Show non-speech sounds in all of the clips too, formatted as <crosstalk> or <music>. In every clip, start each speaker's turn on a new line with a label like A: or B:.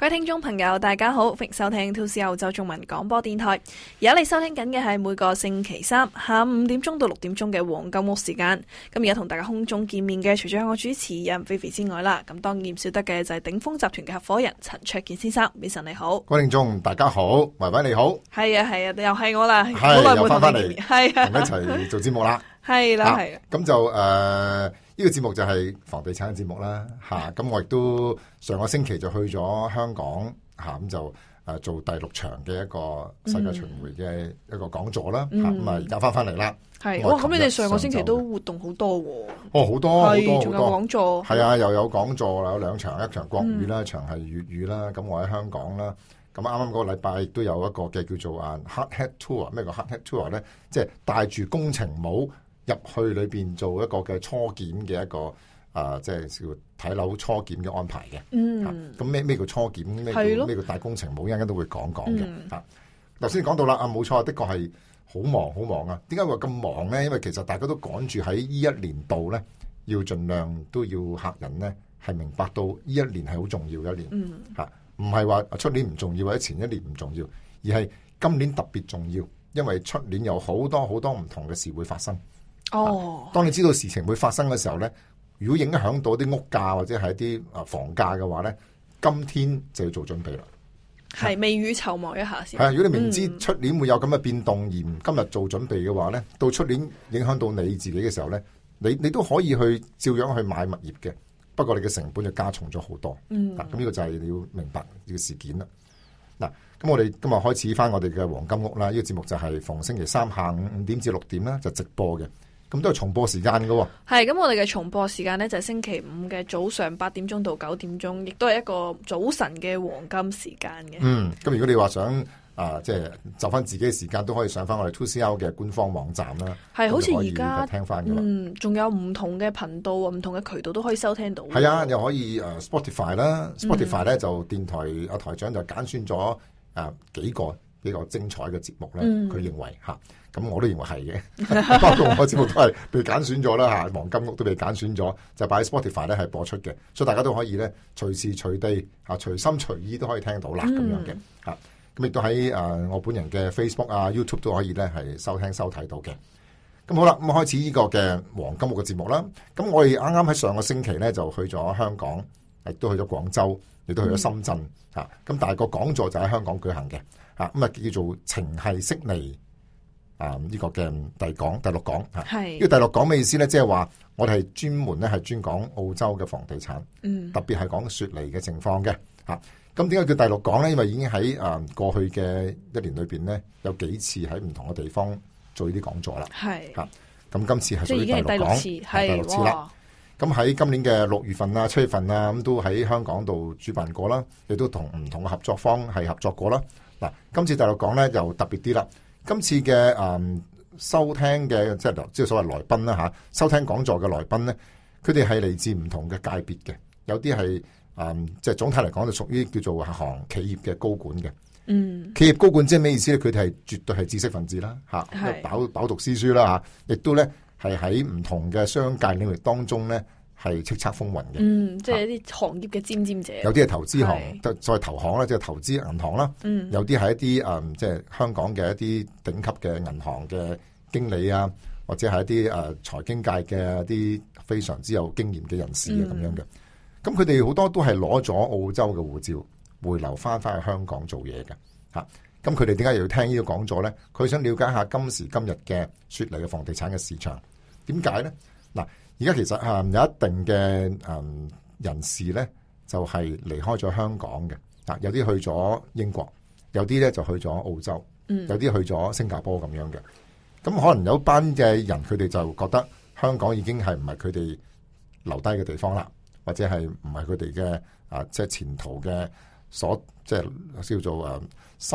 A: 各位聽眾朋友，大家好，歡迎收聽《2CR 澳洲中文廣播電台》。而家你收聽緊嘅係每個星期三下午五點鐘到六點鐘嘅黃金屋時間。咁而家同大家空中見面嘅，除咗我主持人菲菲之外啦，咁當然唔少得嘅就係鼎豐集團嘅合夥人陳焯楗先生，早晨你好。各
B: 位聽眾，大家好，維維你好。
A: 係啊，係啊，又係我啦，好耐冇翻翻嚟，同一
B: 齊做節目啦。
A: 係啦，係啊，咁、
B: 啊啊啊、就誒。Uh, 呢個節目就係房地產節目啦，嚇、啊！咁我亦都上個星期就去咗香港，嚇、啊、咁就誒做第六場嘅一個世界巡回嘅一個講座啦，嚇咁、嗯、啊而家翻翻嚟啦，係哇、嗯！咁你哋上個星期
A: 都活動好多喎、
B: 哦，哦好多好是多仲有講座，係啊又有講座啦，有兩場，一場國語啦，一、嗯、場係粵語啦，咁我喺香港啦，咁啱啱嗰個禮拜亦都有一個嘅叫做啊 hard hat tour，咩個 hard hat tour 咧，即係帶住工程帽。入去裏邊做一個嘅初檢嘅一個啊，即係叫睇樓初檢嘅安排
C: 嘅。嗯，
B: 咁咩咩叫初檢？咩叫咩叫大工程？冇一陣間都會講講嘅。啊，頭先講到啦，啊冇錯，的確係好忙好忙啊。點解會咁忙咧？因為其實大家都趕住喺呢一年度咧，要儘量都要客人咧係明白到呢一年係好重要嘅一年。嗯，唔係話出年唔重要或者前一年唔重要，而係今年特別重要，因為出年有好多好多唔同嘅事會發生。哦，oh, 當你知道事情會發生嘅時候呢是如果影響到啲屋價或者係一啲啊房價嘅話呢，今天就要做準備啦。
A: 係是是未雨綢繆一下先。的嗯、如果你知道明知
B: 出年會有咁嘅變動而唔今日做準備嘅話呢，到出年影響到你自己嘅時候呢，你你都可以去照樣去買物業嘅，不過你嘅成本就加重咗好多。嗯，咁呢個就係你要明白呢個事件啦。嗱，咁我哋今日開始翻，我哋嘅黃金屋啦，呢、呢個節目就係逢星期三下午五點至六點啦，就直播嘅。咁都係重播時間噶喎，
A: 係咁我哋嘅重播時間咧就係、是、星期五嘅早上八點鐘到九點鐘，亦都係一個早晨嘅黃金時間
B: 嘅。嗯，咁如果你話想啊，即、呃、係就翻、是、自己嘅時間，都可以上翻我哋 2CR 嘅官方網站啦。係是，好似而家聽翻，嗯，
A: 仲有唔同嘅頻道，唔同嘅渠道都可以收聽到。係
B: 啊，又可以誒、呃、，Spotify 啦，Spotify 咧、嗯、就電台阿台長就揀選咗啊、呃、幾個。呢個精彩嘅節目咧，佢，嗯、認為嚇，咁我都認為係嘅，包括我節目都係被揀選咗啦嚇， <laughs> 黃金屋都被揀選咗，就擺喺 Spotify 咧係播出嘅，所以大家都可以咧隨時隨地嚇隨心隨意都可以聽到啦，咁、嗯、樣嘅嚇，咁亦都喺誒我本人嘅 Facebook 啊 YouTube 都可以咧係收聽收睇到嘅。咁好啦，咁開始呢個嘅黃金屋嘅節目啦。咁我哋啱啱喺上個星期咧就去咗香港，亦都去咗廣州，亦都去咗深圳嚇。咁、嗯、但係個講座就喺香港舉行嘅。啊，咁啊叫做情繫悉尼啊呢個嘅第講第六講啊。係，呢個第六講咩意思咧？即係話我哋係專門咧係專講澳洲嘅房地產，嗯，特別係講雪梨嘅情況嘅。吓，咁點解叫第六講咧？因為已經喺啊過去嘅一年裏邊咧，有幾次喺唔同嘅地方做呢啲講座啦。係，吓，咁今次係屬於第六講，已經第六次，係第六次啦。咁喺今年嘅六月份啊、七月份啊，咁都喺香港度主辦過啦，亦都同唔同嘅合作方係合作過啦。嗱，今次第六講咧又特別啲啦。今次嘅誒收聽嘅即係即係所謂來賓啦嚇、啊，收聽講座嘅來賓咧，佢哋係嚟自唔同嘅界別嘅，有啲係誒，即、嗯、係、就是、總體嚟講就屬於叫做行企業嘅高管嘅。
C: 嗯，
B: 企業高管即係咩意思咧？佢哋係絕對係知識分子啦嚇、啊是，飽飽讀詩書啦嚇，亦、啊、都咧係喺唔同嘅商界領域當中咧。係叱咤風雲嘅。
A: 嗯，即係一啲行業嘅尖尖者。有啲係投資行，
B: 再再投行啦，即係投資銀行啦。嗯，嗯，有啲係一啲誒，即係香港嘅一啲頂級嘅銀行嘅經理啊，或者係一啲誒財經界嘅一啲非常之有經驗嘅人士啊，嗯，咁樣嘅。咁佢哋好多都係攞咗澳洲嘅護照回流翻翻去香港做嘢嘅，吓，啊。咁佢哋點解又要聽呢個講座咧？佢想了解下今時今日嘅雪梨嘅房地產嘅市場，點解咧？嗱。而家其實嚇有一定嘅誒人士咧，就係離開咗香港嘅。嗱，有啲去咗英國，有啲咧就去咗澳洲，有啲去咗新加坡咁樣嘅。咁可能有班嘅人，佢哋就覺得香港已經係唔係佢哋留低嘅地方啦，或者係唔係佢哋嘅啊，即係前途嘅所即係叫做誒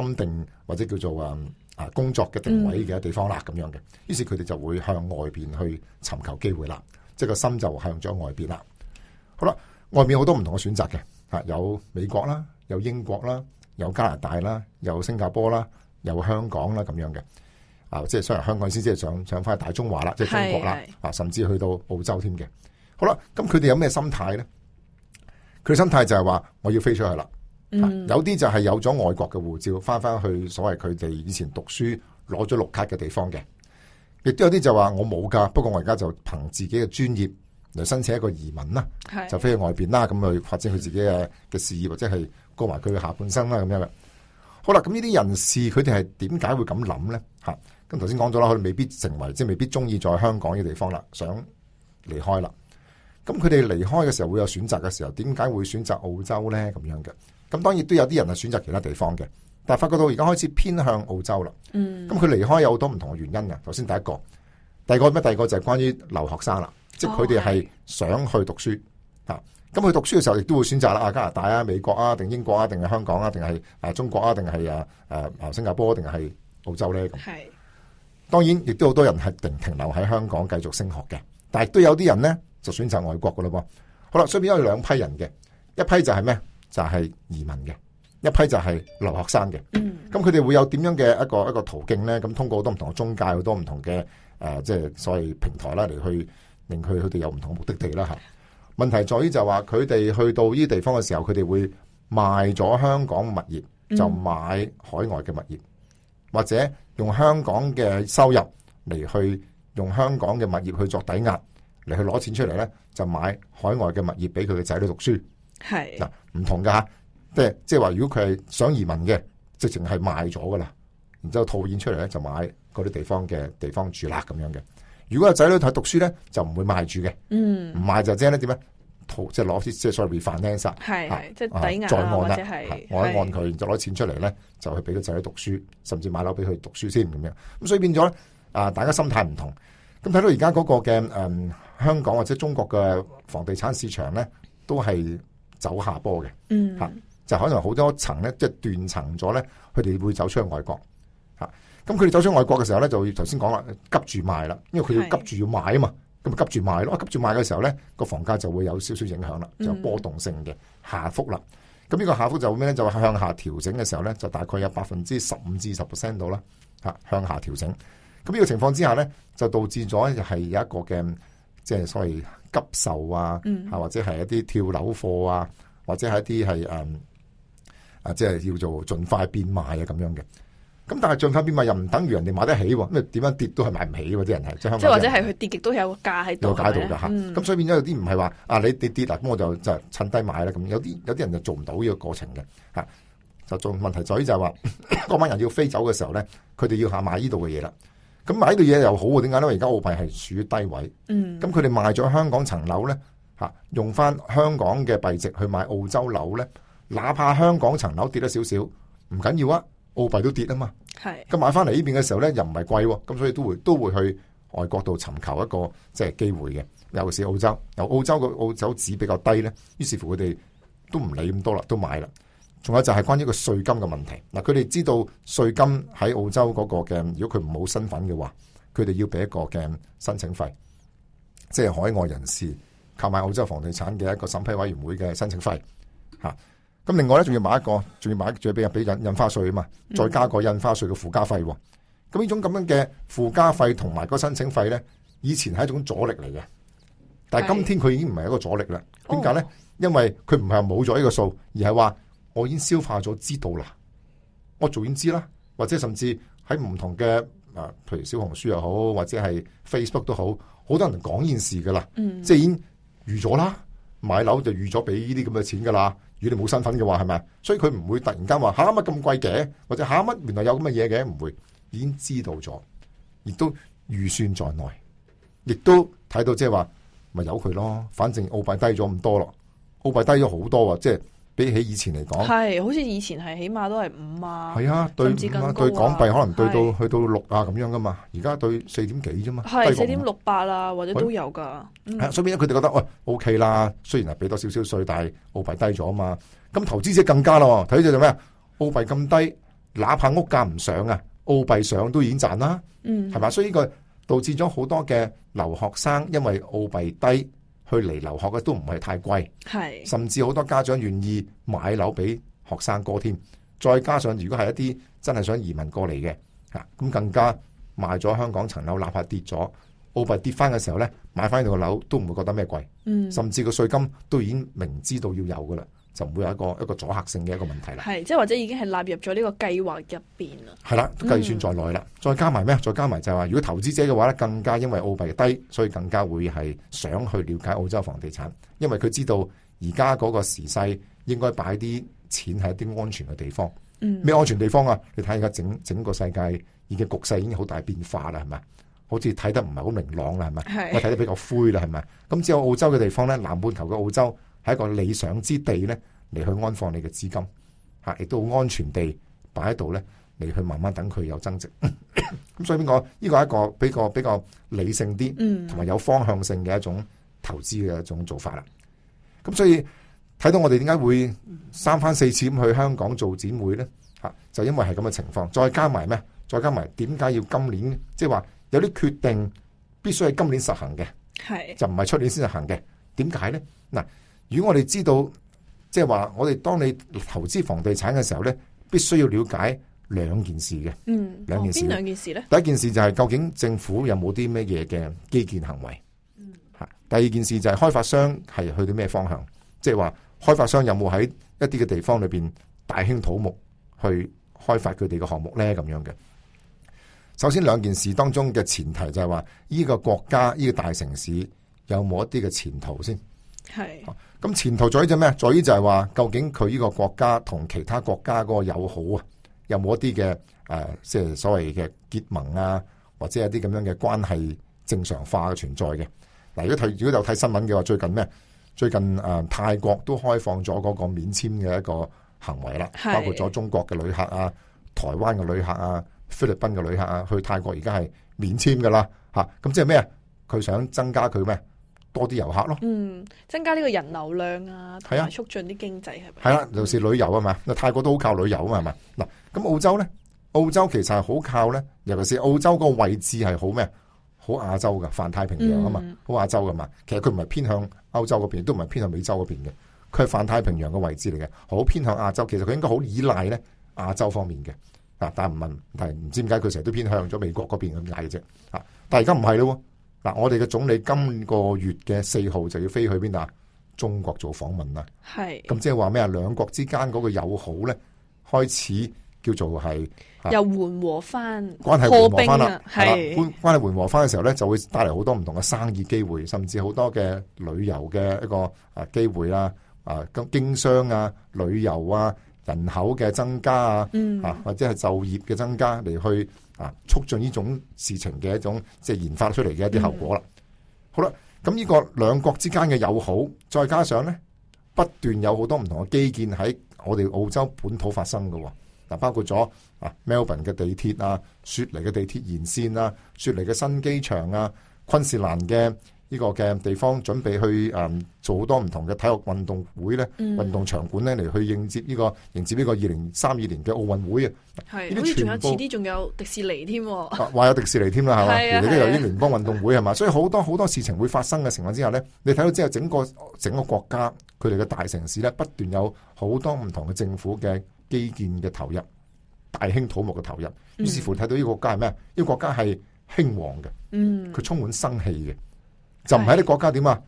B: 心定或者叫做誒啊工作嘅定位嘅地方啦，咁樣嘅。於是佢哋就會向外邊去尋求機會啦。即係個心就向咗外邊啦，好啦，外面好多唔同嘅選擇嘅，吓有美國啦，有英國啦，有加拿大啦，有新加坡啦，有香港啦咁樣嘅，啊，即係雖然香港先即係上上翻大中華啦，即係中國啦，啊，是是 甚至去到澳洲添嘅，好啦，咁佢哋有咩心態咧？佢心態就係話我要飛出去啦，嗯、有啲就係有咗外國嘅護照，翻翻去所謂佢哋以前讀書攞咗綠卡嘅地方嘅。亦都有啲就話我冇㗎，不過我而家就憑自己嘅專業嚟申請一個移民啦，是的 就飛去外邊啦，咁去發展佢自己嘅嘅事業或者係過埋佢嘅下半生啦，咁樣嘅。好啦，咁呢啲人士佢哋係點解會咁諗呢？吓、啊，咁頭先講咗啦，佢哋未必成為即係未必中意在香港呢個地方啦，想離開啦。咁佢哋離開嘅時候會有選擇嘅時候，點解會選擇澳洲呢？咁樣嘅，咁當然都有啲人係選擇其他地方嘅。但係發覺到而家開始偏向澳洲啦，咁佢離開有好多唔同嘅原因嘅。頭先第一個，第二個咩？第二個就係關於留學生啦，即係佢哋係想去讀書。咁佢讀書嘅時候，亦都會選擇啦，加拿大啊、美國啊、定英國啊、定係香港啊、定係啊中國啊、定係啊誒、啊、新加坡定、啊、係澳洲咧。咁係，當然亦都好多人係定停停留喺香港繼續升學嘅，但係都有啲人咧就選擇外國噶喇噃。好啦，所以邊有兩批人嘅，一批就係咩？就係移民嘅。一批就係留學生嘅，咁佢哋會有點樣嘅一個一個途徑呢？咁通過好多唔同嘅中介的，好多唔同嘅誒，即係所謂平台啦，嚟去令佢佢哋有唔同嘅目的地啦。嚇，問題在於就話佢哋去到呢啲地方嘅時候，佢哋會賣咗香港物業，就買海外嘅物業，或者用香港嘅收入嚟去用香港嘅物業去作抵押嚟去攞錢出嚟呢，就買海外嘅物業俾佢嘅仔女讀書是。係嗱，唔同㗎嚇。即係即係話，如果佢係想移民嘅，直情係賣咗噶啦，然之後套現出嚟咧就買嗰啲地方嘅地方住啦咁樣嘅。如果有仔女睇讀書咧，就唔會賣住嘅。嗯，唔賣就即係咧點咧，套、就是就是、即係攞啲即係所謂 refinance 係即係抵押、啊啊、或者係我一按佢，再攞是錢出嚟咧就去俾個仔女讀書，甚至買樓俾佢讀書先咁樣。咁所以變咗咧，啊大家心態唔同。咁睇到而家嗰個嘅誒、嗯、香港或者中國嘅房地產市場咧，都係走下坡嘅。嗯，吓、啊。就可能好多層咧，即係斷層咗咧，佢哋會走出去外國。咁佢哋走出外國嘅時候咧，就頭先講啦，急住賣啦，因為佢要急住要賣啊嘛，咁啊是的 急住賣咯，急住賣嘅時候咧，個房價就會有少少影響啦，就有波動性嘅下幅啦。咁呢、嗯、個下幅就咩咧？就向下調整嘅時候咧，就大概有百分之十五至十 percent 到啦，向下調整。咁呢個情況之下咧，就導致咗係有一個嘅即係所謂急售啊，嗯、或者係一啲跳樓貨啊，或者係一啲係啊，即係叫做盡快變賣啊，咁樣嘅。咁但係盡快變賣又唔等於人哋買得起喎。咁啊點樣跌都係買唔起喎，啲人係即係香港或者係
A: 佢跌極都有個價喺度，有價喺度嘅嚇。咁
B: 所以變咗有啲唔係話啊，你跌跌嗱，咁我就就趁低買啦。咁有啲有啲人就做唔到呢個過程嘅嚇，就做問題在於就係話，嗰班人要飛走嘅時候咧，佢哋要下買呢度嘅嘢啦。咁買呢度嘢又好點、啊、解呢？因為而家澳幣係處於低位，咁佢哋賣咗香港層樓咧嚇，用翻香港嘅幣值去買澳洲樓咧。哪怕香港層樓跌得少少，唔緊要啊！澳幣都跌啊嘛，
C: 係咁是買翻嚟呢
B: 邊嘅時候咧，又唔係貴啊，咁所以都會都會去外國度尋求一個即係機會嘅。尤其是澳洲，由澳洲嘅澳洲紙比較低咧，於是乎佢哋都唔理咁多啦，都買啦。仲有就係關於個稅金嘅問題。嗱，佢哋知道稅金喺澳洲嗰個嘅，如果佢唔冇身份嘅話，佢哋要俾一個嘅申請費，即係海外人士購買澳洲房地產嘅一個審批委員會嘅申請費，嚇。咁另外咧，仲要買一個，仲要買一個，仲要俾啊俾印印花稅啊嘛，再加個印花稅嘅附加費，哦。咁呢、嗯、種咁樣嘅附加費同埋個申請費咧，以前係一種阻力嚟嘅，但係今天佢已經唔係一個阻力啦。點解咧？為呢哦、因為佢唔係冇咗呢個數，而係話我已經消化咗，知道啦。我做已知早已知啦，或者甚至喺唔同嘅啊，譬如小紅書又好，或者係 Facebook 都好，好多人講件事噶啦，嗯、即係已經預咗啦。買樓就預咗俾呢啲咁嘅錢噶啦，如果你冇身份嘅話，係咪？所以佢唔會突然間話下乜咁貴嘅，或者下乜原來有咁嘅嘢嘅，唔會，已經知道咗，亦都預算在內，亦都睇到即係話，咪由佢咯，反正澳幣低咗咁多咯，澳幣低咗好多啊，即係。比起以前嚟講，係
A: 好似以前係起碼都係五啊，係啊，對啊，啊、對港幣可能對到是去
B: 到六啊咁樣噶嘛。而家對四點幾啫嘛，係四點六
A: 八啊，或者都有噶。
B: 啊嗯、所以變咗佢哋覺得，喂，OK 啦。雖然係俾多少少稅，但係澳幣低咗啊嘛。咁投資者更加咯，睇到就咩？澳幣咁低，哪怕屋價唔上啊，澳幣上都已經賺啦。嗯，係嘛。所以呢個導致咗好多嘅留學生因為澳幣低。去嚟留學嘅都唔係太貴，是甚至好多家長願意買樓俾學生哥添。再加上如果係一啲真係想移民過嚟嘅，啊，咁更加賣咗香港層樓，哪怕跌咗，澳幣跌翻嘅時候咧，買翻呢個樓都唔會覺得咩貴，甚至個稅金都已經明知道要有噶啦。就唔會有一個一個阻嚇性嘅一個問題啦。係，
A: 即係或者已經係納入咗呢個計劃入邊啦。
B: 係啦，計算在內啦，嗯，再加埋咩？再加埋就係話，如果投資者嘅話咧，更加因為澳幣低，所以更加會係想去了解澳洲房地產，因為佢知道而家嗰個時勢應該擺啲錢喺啲安全嘅地方。咩、嗯、安全地方啊？你睇而家整整個世界已經局勢已經好大變化啦，係咪？好似睇得唔係好明朗啦，係咪？係，我睇得比較灰啦，係咪？咁只有澳洲嘅地方咧，南半球嘅澳洲。係一個理想之地咧，嚟去安放你嘅資金，吓，亦都好安全地擺喺度咧，嚟去慢慢等佢有增值。咁 <coughs> 所以邊個呢個係一個比較比較理性啲，同埋有方向性嘅一種投資嘅一種做法啦。咁所以睇到我哋點解會三番四次咁去香港做展會咧，吓，就因為係咁嘅情況，再加埋咩？再加埋點解要今年？即係話有啲決定必須係今年實行嘅，
A: 係就
B: 唔係出年先實行嘅？點解咧？嗱。如果我哋知道，即係話我哋當你投資房地產嘅時候咧，必須要了解兩件事嘅，嗯，
A: 兩件事兩件事咧？第一
B: 件事就係究竟政府有冇啲咩嘢嘅基建行為，
C: 嗯，
B: 吓？第二件事就係開發商係去到咩方向？即係話開發商有冇喺一啲嘅地方裏邊大興土木去開發佢哋嘅項目咧？咁樣嘅。首先兩件事當中嘅前提就係話，依個國家依個大城市有冇一啲嘅前途先？係。咁前途在於咩？在於就係話，究竟佢呢個國家同其他國家嗰個友好啊，有冇一啲嘅誒即係所謂嘅結盟啊，或者一啲咁樣嘅關係正常化嘅存在嘅。嗱，如果睇如果有睇新聞嘅話，最近咩？最近誒、呃、泰國都開放咗嗰個免簽嘅一個行為啦，包括咗中國嘅旅客啊、台灣嘅旅客啊、菲律賓嘅旅客啊，去泰國而家係免簽㗎啦。嚇，咁即係咩？佢想增加佢咩？多啲遊客咯，嗯，
A: 增加呢個人流量啊，係啊，促進啲經濟
B: 係咪？係啦，尤其是旅遊啊嘛，泰國都好靠旅遊啊嘛，係嘛，嗱，咁澳洲咧，澳洲其實係好靠咧，尤其是澳洲個位置係好咩好亞洲噶，泛太平洋啊嘛，好亞洲噶嘛，其實佢唔係偏向歐洲嗰邊，都唔係偏向美洲嗰邊嘅，佢係泛太平洋嘅位置嚟嘅，好偏向亞洲。其實佢應該好依賴咧亞洲方面嘅，嗱，但係唔問，但係唔知點解佢成日都偏向咗美國嗰邊咁嗌嘅啫，啊，但係而家唔係咯。嗱，我哋嘅總理今個月嘅四號就要飛去邊啊？中國做訪問啦，係咁即係話咩啊？兩國之間嗰個友好咧，開始叫做係又
A: 緩和翻，啊，關係緩和翻啦，係、破冰，
B: 啊，關係緩和翻嘅時候咧，就會帶嚟好多唔同嘅生意機會，甚至好多嘅旅遊嘅一個啊機會啦，啊經經商啊、旅遊啊、人口嘅增加啊，嗯、啊或者係就業嘅增加嚟去。促進呢種事情嘅一種即係研發出嚟嘅一啲後果啦。好啦，咁呢個兩國之間嘅友好，再加上呢，不斷有好多唔同嘅基建喺我哋澳洲本土發生嘅，嗱包括咗啊 Melbourne 嘅地鐵啊、雪梨嘅地鐵延線啊、雪梨嘅新機場啊、昆士蘭嘅。呢個嘅地方準備去誒，做好多唔同嘅體育運動會咧，運動場館咧嚟，去應接呢個迎接呢個二零三二年嘅奧運會啊是。係，好似仲有遲啲
A: 仲有迪士尼添，啊，
B: 話有迪士尼添啦，係嘛？都係由於聯邦運動會係嘛？所以好多好 <laughs> 多事情會發生嘅情況之下咧，你睇到之後整個整個國家佢哋嘅大城市咧，不斷有好多唔同嘅政府嘅基建嘅投入，大興土木嘅投入，於是乎睇到呢個國家係咩？呢、嗯、個國家係興旺嘅，嗯，佢充滿生氣嘅。就唔喺啲國家點啊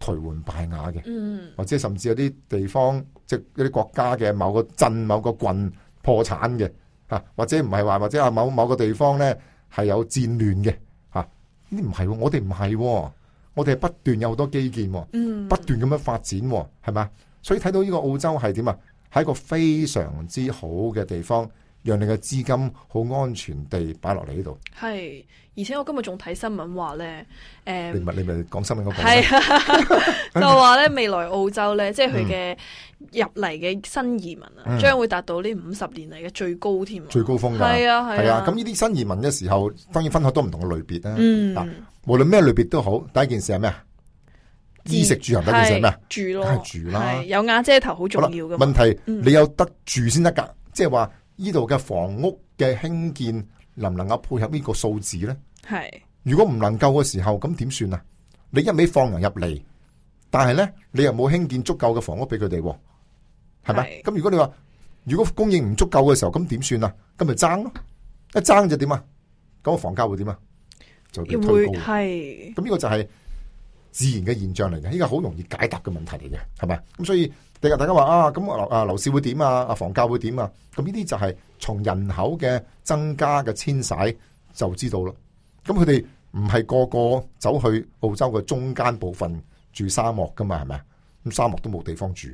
B: 頹垣敗瓦嘅，嗯、或者甚至有啲地方即係一啲國家嘅某個鎮、某個郡破產嘅，吓、啊、或者唔係話或者啊某某個地方咧係有戰亂嘅，吓呢唔係，我哋唔係，我哋係不斷有好多基建、哦，嗯、不斷咁樣發展、哦，係咪？所以睇到呢個澳洲係點啊？係一個非常之好嘅地方。讓你嘅資金好安全地擺落嚟呢度。
A: 係，而且我今日仲睇新聞話咧，誒，你咪
B: 你咪講新聞嗰個，係，
A: 就話咧未來澳洲咧，即係佢嘅入嚟嘅新移民啊，將會達到呢五十年嚟嘅最高添，
B: 最高峰係啊係啊，咁呢啲新移民嘅時候，當然分好多唔同嘅類別啦。嗯，無論咩類別都好，第一件事係咩啊？衣食住行第一件事係咩啊？住咯，梗係住啦，
A: 有瓦遮頭好重要嘅。問題你
B: 有得住先得噶，即係話。呢度嘅房屋嘅興建能唔能夠配合個數字呢個數字咧？係是如果唔能夠嘅時候，咁點算啊？你一味放人入嚟，但係咧你又冇興建足夠嘅房屋俾佢哋，係咪？咁是如果你話如果供應唔足夠嘅時候，咁點算啊？咁咪爭咯，一爭就點啊？嗰個房價會點啊？就推高。係咁呢個就係自然嘅現象嚟嘅，呢、呢個好容易解答嘅問題嚟嘅，係咪？咁所以。第日大家話啊，咁啊啊，樓市會點啊？啊，房價會點啊？咁呢啲就係從人口嘅增加嘅遷徙就知道啦。咁佢哋唔係個個走去澳洲嘅中間部分住沙漠噶嘛？係咪？咁沙漠都冇地方住，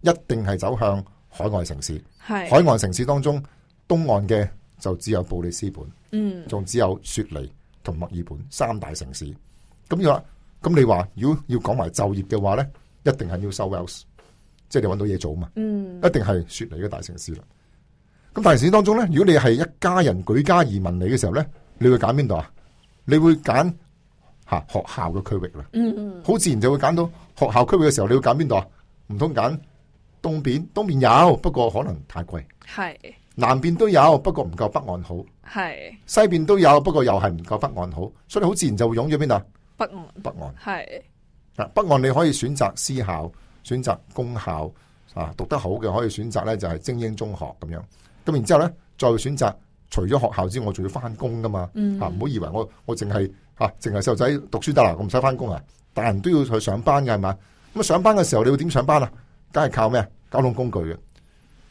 B: 一定係走向海外城市。係是海岸城市當中，東岸嘅就只有布里斯本，嗯，仲只有雪梨同墨爾本三大城市。咁又咁，你話如果要講埋就業嘅話咧，一定係要收即係你揾到嘢做嘛？嗯，一定係雪梨嘅大城市啦。咁大城市當中咧，如果你係一家人舉家移民你嘅時候咧，你會揀邊度啊？你會揀吓、啊、學校嘅區域啦。嗯嗯，好自然就會揀到學校區域嘅時候，你會揀邊度啊？唔通揀東邊？東邊有，不過可能太貴。
A: 係是
B: 南邊都有，不過唔夠北岸好。
A: 係
B: 是 西邊都有，不過又係唔夠北岸好，所以你好自然就會湧咗邊度？北岸，北岸係啊！是 北岸你可以選擇私校。選擇公校啊，讀得好嘅可以選擇咧就係、是、精英中學咁樣，咁然之後咧再選擇，除咗學校之外，我仲要翻工噶嘛，吓，唔好以為我我淨係吓，淨係細路仔讀書得啦，我唔使翻工啊，大人都要去上班嘅係嘛，咁啊，上班嘅時候你會點上班啊？梗係靠咩啊？交通工具嘅，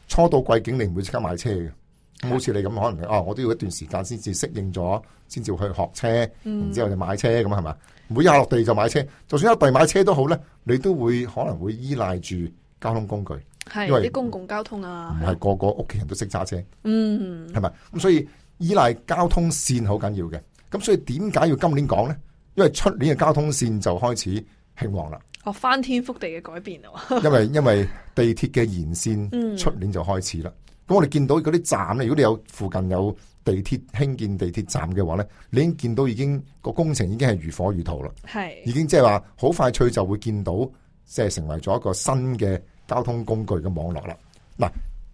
B: 初到貴境你唔會即刻買車嘅，咁好似你咁是的 可能啊，我都要一段時間先至適應咗，先至去學車，然後之後就買車咁係嘛？是每一下落地就買車，就算一地買車都好咧，你都會可能會依賴住交通工具，係因為啲
A: 公共交通啊，唔係
B: 個個屋企人都識揸車，嗯，係咪？咁所以依賴交通線好緊要嘅。咁所以點解要今年講咧？因為出年嘅交通線就開始興旺啦。
A: 哦，翻天覆地嘅改變啊！
B: <laughs> 因為因為地鐵嘅延線出年就開始啦。我哋見到嗰啲站咧，如果你有附近有地鐵興建地鐵站嘅話咧，你已經見到已經個工程已經係如火如荼啦，係是已經即係話好快脆就會見到即係成為咗一個新嘅交通工具嘅網絡啦。嗱，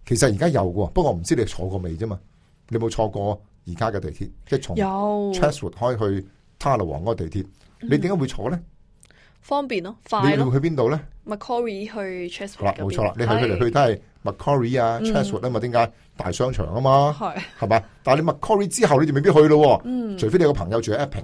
B: 其實而家有嘅，不過唔知你坐過未啫嘛？你冇有有坐過而家嘅地鐵，即係有 Chatswood 開去 Tallawong 嗰個地鐵，你點解會坐咧？有嗯
A: 方便咯、啊，快、啊。你要去邊度咧？Macquarie 去 Chatswood，冇錯啦。
B: 你去佢哋去都係是 Macquarie 啊，Chatswood 啊嘛。點解、嗯、大商場啊嘛？係係嘛？但係你 Macquarie 之後你就未必去咯、啊。嗯、除非你個朋友住喺 Epping，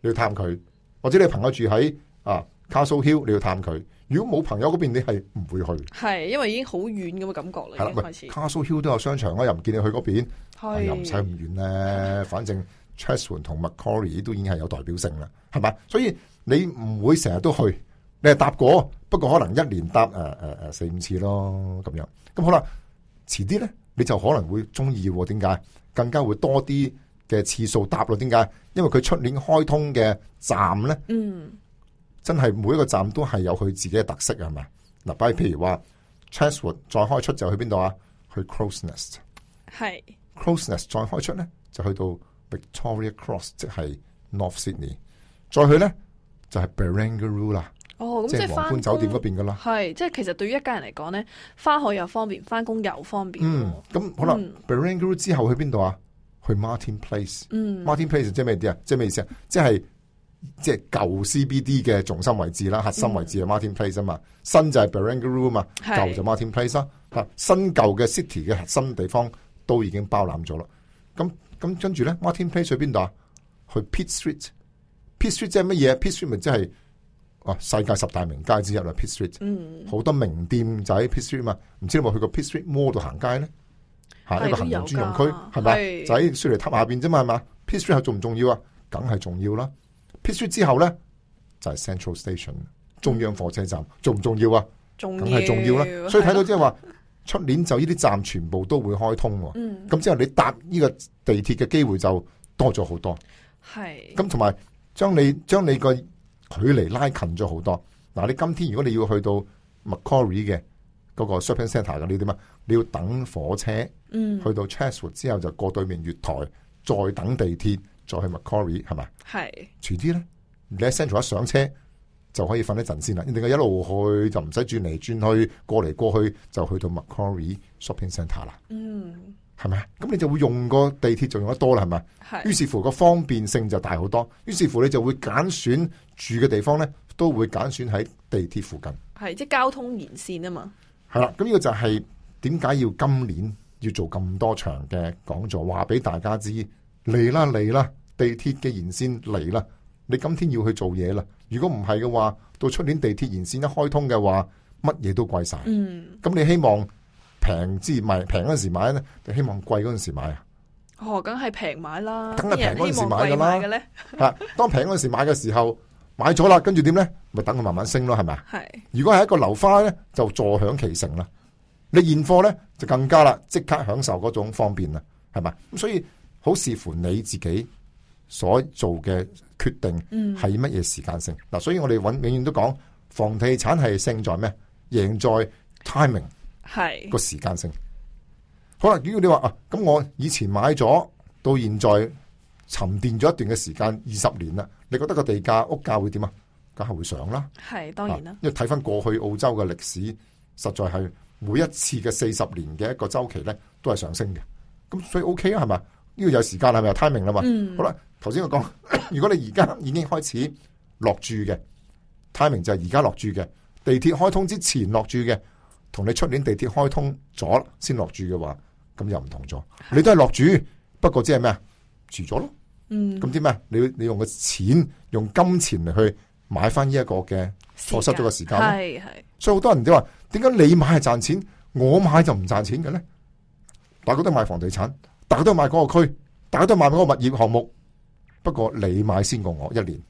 B: 你要探佢；或者你朋友住喺啊 Castle Hill，你要探佢。如果冇朋友嗰邊，你係唔會去。
A: 係因為已經好遠咁嘅感覺啦。開始、就是、
B: Castle Hill 都有商場啦、啊，又唔見你去嗰邊是、啊，又唔使唔遠咧。是反正 Chatswood 同 Macquarie 都已經係有代表性啦，係嘛？所以。你唔會成日都去，你係搭過，不過可能一年搭誒誒誒四五次咯，咁樣。咁好啦。遲啲咧，你就可能會中意。點解？更加會多啲嘅次數搭咯。點解？因為佢出年開通嘅站咧，嗯，真係每一個站都係有佢自己嘅特色，係咪嗱？比如譬如話 Chatswood 再開出就去邊度啊？去 Crows Nest 係是 Crows Nest 再開出咧，就去到 Victoria Cross，即係 North Sydney，再去咧。就係 Barangaroo 啦，
A: 即係皇冠酒店嗰邊噶啦。係，即係其實對於一家人嚟講咧，返學又方便，返工又方便。
B: 嗯，咁可能 Barangaroo 之後去邊度啊？去 Martin Place。嗯，Martin Place 即係咩啲啊？即係咩意思啊？即係即係舊 CBD 嘅重心位置啦，核心位置啊，Martin Place 啊嘛。新就係 Barangaroo 嘛，舊就 Martin Place 啦。嚇，新舊嘅 City 嘅核心地方都已經包攬咗啦。咁咁跟住咧，Martin Place 去邊度啊？去 Pitt Street。Pitt Street 即係乜嘢？Pitt Street 咪即係啊世界十大名街之一啦。Pitt Street 好多名店仔，Pitt Street 嘛，唔知你有冇去過 Pitt Street Mall 度行街咧？吓、嗯、一個行人專用區，係咪？吧是就喺雪梨塔下邊啫嘛，係嘛？Pitt Street 係重唔重要啊？梗係重要啦、啊。Pitt Street 之後咧就係、是、Central Station 中央火車站，重唔重要啊？
C: 梗係重要啦、啊。所以睇到即係話
B: 出年就呢啲站全部都會開通、啊，咁、嗯、之後你搭呢個地鐵嘅機會就多咗好多。係咁同埋。將你將你個距離拉近咗好多。嗱，你今天如果你要去到 McQuarrie 嘅嗰個 shopping centre 嘅呢啲乜，你要等火車，去到 Cheshire 之後就過對面月台，再等地鐵，再去 McQuarrie 係咪？係是。遲啲咧，你 central 你在一上車就可以瞓一陣先啦。你個一路去就唔使轉嚟轉去，過嚟過去就去到 McQuarrie shopping centre 啦。嗯。係咪啊？咁你就會用個地鐵就用得多啦，係咪？係。於是乎個方便性就大好多，於是乎你就會揀選住嘅地方咧，都會揀選喺地鐵附近。
A: 係即係交通沿線啊嘛。
B: 係啦，咁呢個就係點解要今年要做咁多場嘅講座？話俾大家知，嚟啦嚟啦，地鐵嘅沿線嚟啦！你今天要去做嘢啦。如果唔係嘅話，到出年地鐵沿線一開通嘅話，乜嘢都貴晒。嗯。咁你希望？平之買平嗰時買咧，就希望貴嗰陣時買啊！
A: 哦，梗係平買啦，梗佢平嗰陣時買噶啦。
B: 係當平嗰陣時買嘅時候，買咗啦，跟住點咧？咪等佢慢慢升咯，係咪啊？係是。如果係一個流花咧，就坐享其成啦。你現貨咧，就更加啦，即刻享受嗰種方便啊，係咪？咁所以好視乎你自己所做嘅決定，係乜嘢時間性嗱。所以我哋永遠都講，房地產係勝在咩？贏在 timing。係個是時間性好，好啦，如果你話啊，咁我以前買咗，到現在沉澱咗一段嘅時間，二十年啦，你覺得個地價屋價會點啊？梗係會上啦，
A: 係當然啦，因
B: 為睇返過去澳洲嘅歷史，實在係每一次嘅四十年嘅一個周期咧，都係上升嘅。咁所以 OK 啊，係嘛？呢、這個有時間係咪有 timing 啦嘛？嗯、好啦，頭先我講，如果你而家已經開始落注嘅 timing 就係而家落注嘅，地鐵開通之前落注嘅。同你出年地鐵開通咗先落住嘅話，咁又唔同咗。你都係落住，的不過即係咩啊？住咗咯。嗯，
C: 咁點咩？
B: 你你用個錢，用金錢嚟去買翻呢一個嘅錯失咗個時間。係係。所以好多人都話，點解你買係賺錢，我買就唔賺錢嘅咧？大家都買房地產，大家都買嗰個區，大家都買嗰個物業項目。不過你買先過我一年。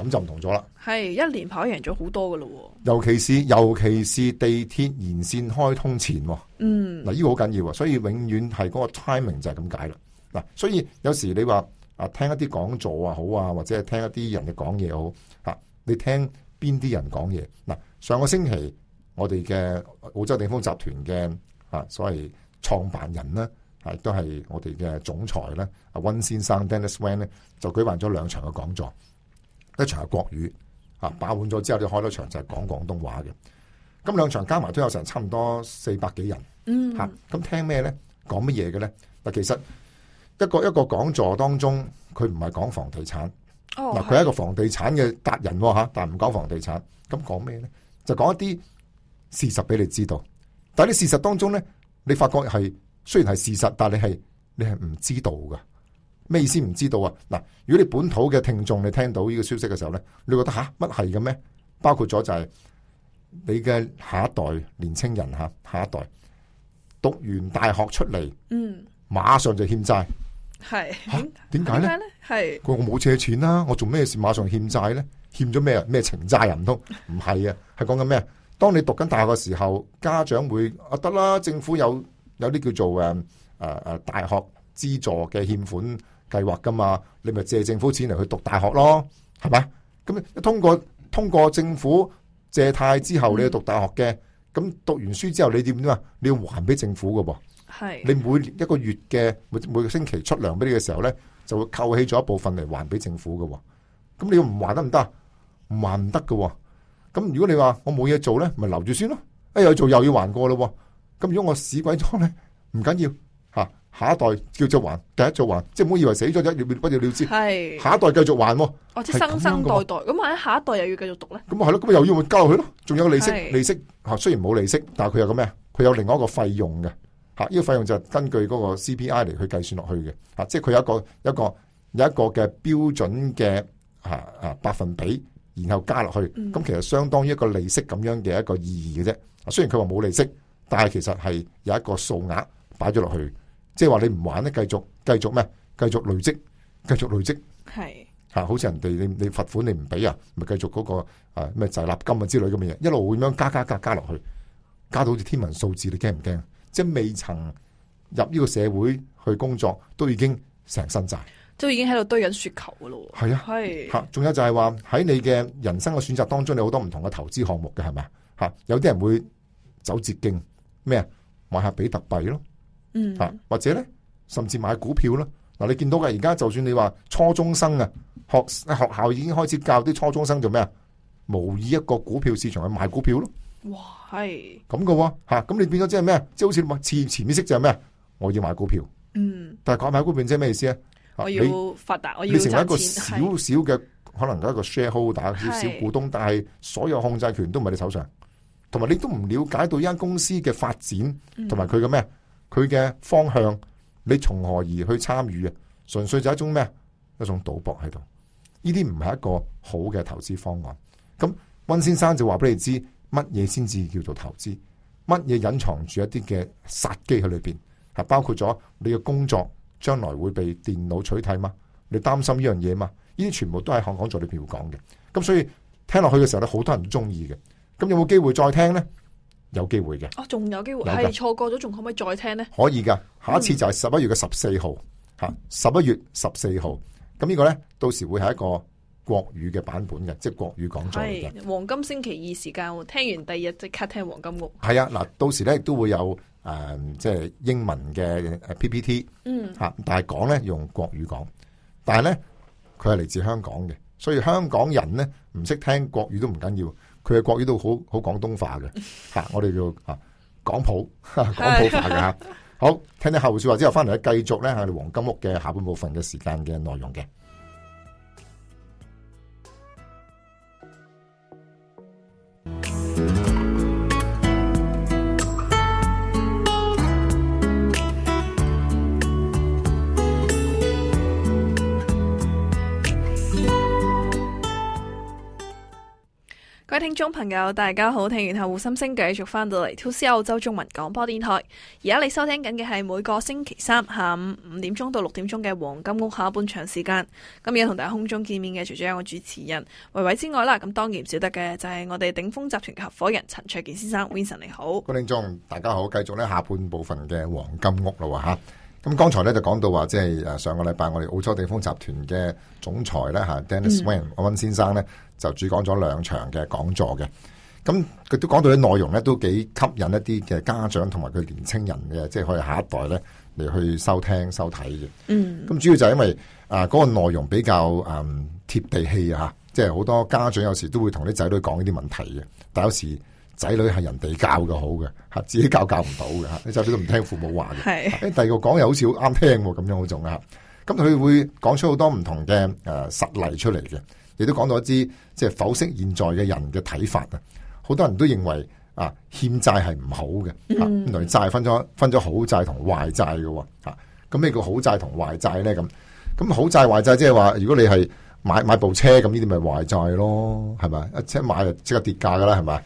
B: 咁就唔同咗啦，
A: 係一年跑贏咗好多噶咯，
B: 尤其是尤其是地鐵沿線開通前，嗯，嗱呢個好緊要啊，所以永遠係嗰個 timing 就係咁解啦。嗱，所以有時你話啊聽一啲講座啊好啊，或者係聽一啲人嘅講嘢好，你聽邊啲人講嘢？嗱，上個星期我哋嘅澳洲鼎豐集團嘅啊，所謂創辦人咧，係都係我哋嘅總裁咧，阿温先生 Dennis Wang 咧，就舉辦咗兩場嘅講座。一場係國語，吓爆滿咗之後，你開多場就係講廣東話嘅。咁兩場加埋都有成差唔多四百幾人，吓咁、嗯啊、聽咩咧？講乜嘢嘅咧？但其實一個一個講座當中，佢唔係講房地產，
C: 嗱佢係一個
B: 房地產嘅達人吓，的但唔講房地產，咁講咩咧？就講一啲事實俾你知道。但係你事實當中咧，你發覺係雖然係事實，但係你係你係唔知道噶。咩意思唔知道啊？嗱，如果你本土嘅聽眾，你聽到呢個消息嘅時候咧，你覺得吓乜係嘅咩？包括咗就係你嘅下一代年青人吓、啊，下一代讀完大學出嚟，
C: 嗯，
B: 馬上就欠債，係點解咧？
A: 係佢、啊、
B: 我冇借錢啦、啊，我做咩事馬上欠債咧？欠咗咩啊？咩情債，人唔通唔係啊？係講緊咩？當你讀緊大學嘅時候，家長會啊得啦，政府有有啲叫做誒誒誒大學資助嘅欠款。計劃噶嘛？你咪借政府錢嚟去讀大學咯，係咪？咁通過通過政府借貸之後，你去讀大學嘅，咁讀完書之後，你點點啊？你要還俾政府噶
C: 噃？係你
B: 每一個月嘅每每個星期出糧俾你嘅時候咧，就會扣起咗一部分嚟還俾政府噶。咁你要唔還得唔得？唔還唔得噶。咁如果你話我冇嘢做咧，咪留住先咯、喔哎。哎，有做又要還過咯。咁如果我死鬼咗咧，唔緊要。下一代叫做還，第一就還，即係唔好以為死咗就一了了之。係，是下一代繼續還，或者、哦、生生代代，
A: 咁萬一下一代又要繼續讀咧？咁啊係
B: 咯，咁又要交落去咯，仲有，是有利息，利息吓，雖然冇利息，但係佢有個咩啊？佢有另外一個費用嘅吓，呢、啊這個費用就係根據嗰個 CPI 嚟去計算落去嘅，啊，即係佢有一個一個有一個嘅標準嘅吓吓百分比，然後加落去，咁、嗯、其實相當於一個利息咁樣嘅一個意義嘅啫、啊。雖然佢話冇利息，但係其實係有一個數額擺咗落去。即係話你唔玩咧，繼續繼續咩？繼續累積，繼續累積，
C: 係吓
B: 是的，好似人哋你你罰款你唔俾啊，咪繼續嗰、那個啊咩滯納金啊之類咁嘅嘢，一路咁樣加加加加落去，加到好似天文數字，你驚唔驚？即、就、係、是、未曾入呢個社會去工作，都已經成身債，
A: 都已經喺度堆緊雪球噶咯。係啊的，係吓
B: 的，仲有就係話喺你嘅人生嘅選擇當中，你好多唔同嘅投資項目嘅係咪吓，有啲人會走捷徑咩啊？買下比特幣咯。嗯，吓或者咧，甚至買股票咯。嗱，你見到嘅而家，就算你話初中生啊，學學校已經開始教啲初中生做咩啊？模擬一個股票市場去買股票咯。
A: 哇，係
B: 咁嘅，吓咁啊，你變咗即係咩？即係好似似潛意識就係咩？我要買股票。嗯，但係購買股票即係咩意思啊？我要
A: 發達，我要賺錢，你成為一個小
B: 小嘅是可能一個 shareholder，小小股東，但係所有控制權都唔係你手上，同埋你都唔了解到呢間公司嘅發展同埋佢嘅咩？嗯佢嘅方向，你從何而去參與嘅？純粹就一種咩？一種賭博喺度。呢啲唔係一個好嘅投資方案。咁溫先生就話俾你知，乜嘢先至叫做投資？乜嘢隱藏住一啲嘅殺機喺裏邊？係包括咗你嘅工作將來會被電腦取締嘛？你擔心呢樣嘢嘛？呢啲全部都係《香港座》裏邊要講嘅。咁所以聽落去嘅時候咧，好多人都中意嘅。咁有冇機會再聽呢？有機會嘅，哦、
A: 啊，仲有機會，係錯過咗，仲可唔可以再聽呢？
B: 可以噶，下一次就係十一月嘅十四號，吓、嗯，十一月十四號，咁呢個咧，到時會係一個國語嘅版本嘅，即係國語講座嚟嘅。
A: 黃金星期二時間，我聽完第二日即刻聽黃金屋。
B: 係啊，嗱，到時咧亦都會有誒、呃，即係英文嘅 PPT，
C: 嗯，吓，
B: 但係講咧用國語講，但係咧佢係嚟自香港嘅，所以香港人咧唔識聽國語都唔緊要。佢嘅國語都好好廣東化嘅， <laughs> 我哋叫啊港普、港普化嘅嚇。的 <laughs> 好，聽啲後話之後回來，返嚟繼續呢。我哋黃金屋嘅下半部分嘅時間嘅內容嘅。
A: 聽眾朋友，大家好！聽完後湖心聲，繼續翻到嚟 2CR 澳洲中文廣播電台。而家你收聽緊嘅係每個星期三下午五點鐘到六點鐘嘅黃金屋下半場時間。今日同大家空中見面嘅除咗有我的主持人維維之外啦，咁當然唔少得嘅就係我哋鼎豐集團嘅合伙人陳焯楗先生 Vincent，你好。
B: 各聽眾，大家好！繼續呢下半部分嘅黃金屋啦，吓。咁剛才呢就講到話，即係誒上個禮拜我哋澳洲鼎豐集團嘅總裁咧吓，Dennis Wane 溫先生咧。就主講咗兩場嘅講座嘅，咁佢都講到啲內容咧，都幾吸引一啲嘅家長同埋佢年青人嘅，即係可以下一代咧嚟去收聽收睇嘅，嗯啊那個。嗯，咁主要就係因為啊，嗰個內容比較嗯貼地氣啊，即係好多家長有時都會同啲仔女講呢啲問題嘅，但有時仔女係人哋教嘅好嘅吓，啊，自己教教唔到嘅吓，你就算唔聽父母話嘅，係是、欸，第二個講又好似好啱聽喎，咁樣好重要吓，咁、啊、佢會講出好多唔同嘅誒、啊、實例出嚟嘅。亦都講到一啲即係剖析現在嘅人嘅睇法啊！好多人都認為啊，欠債係唔好嘅，原來、嗯啊、債分咗分咗好債同壞債嘅喎嚇，咁咩叫好債同壞債咧？咁咁好債壞債即係話，如果你係買買部車咁，呢啲咪壞債咯，係咪？一車買就即刻跌價㗎啦，係咪？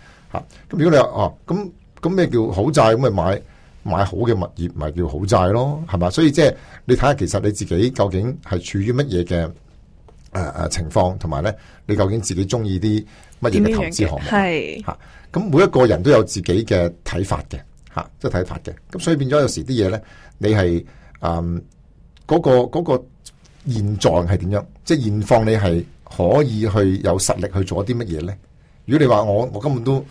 B: 咁如果你哦咁咁咩叫好債咁咪買買好嘅物業咪、就是、叫好債咯，係嘛？所以即、就、係、是、你睇下，其實你自己究竟係處於乜嘢嘅？誒誒，情況同埋咧，你究竟自己中意啲乜嘢嘅投資項目？係吓，咁每一個人都有自己嘅睇法嘅，吓，即係睇法嘅。咁所以變咗有時啲嘢咧，你係誒嗰個嗰個現狀係點樣？即係現況你係可以去有實力去做啲乜嘢咧？如果你話我我根本都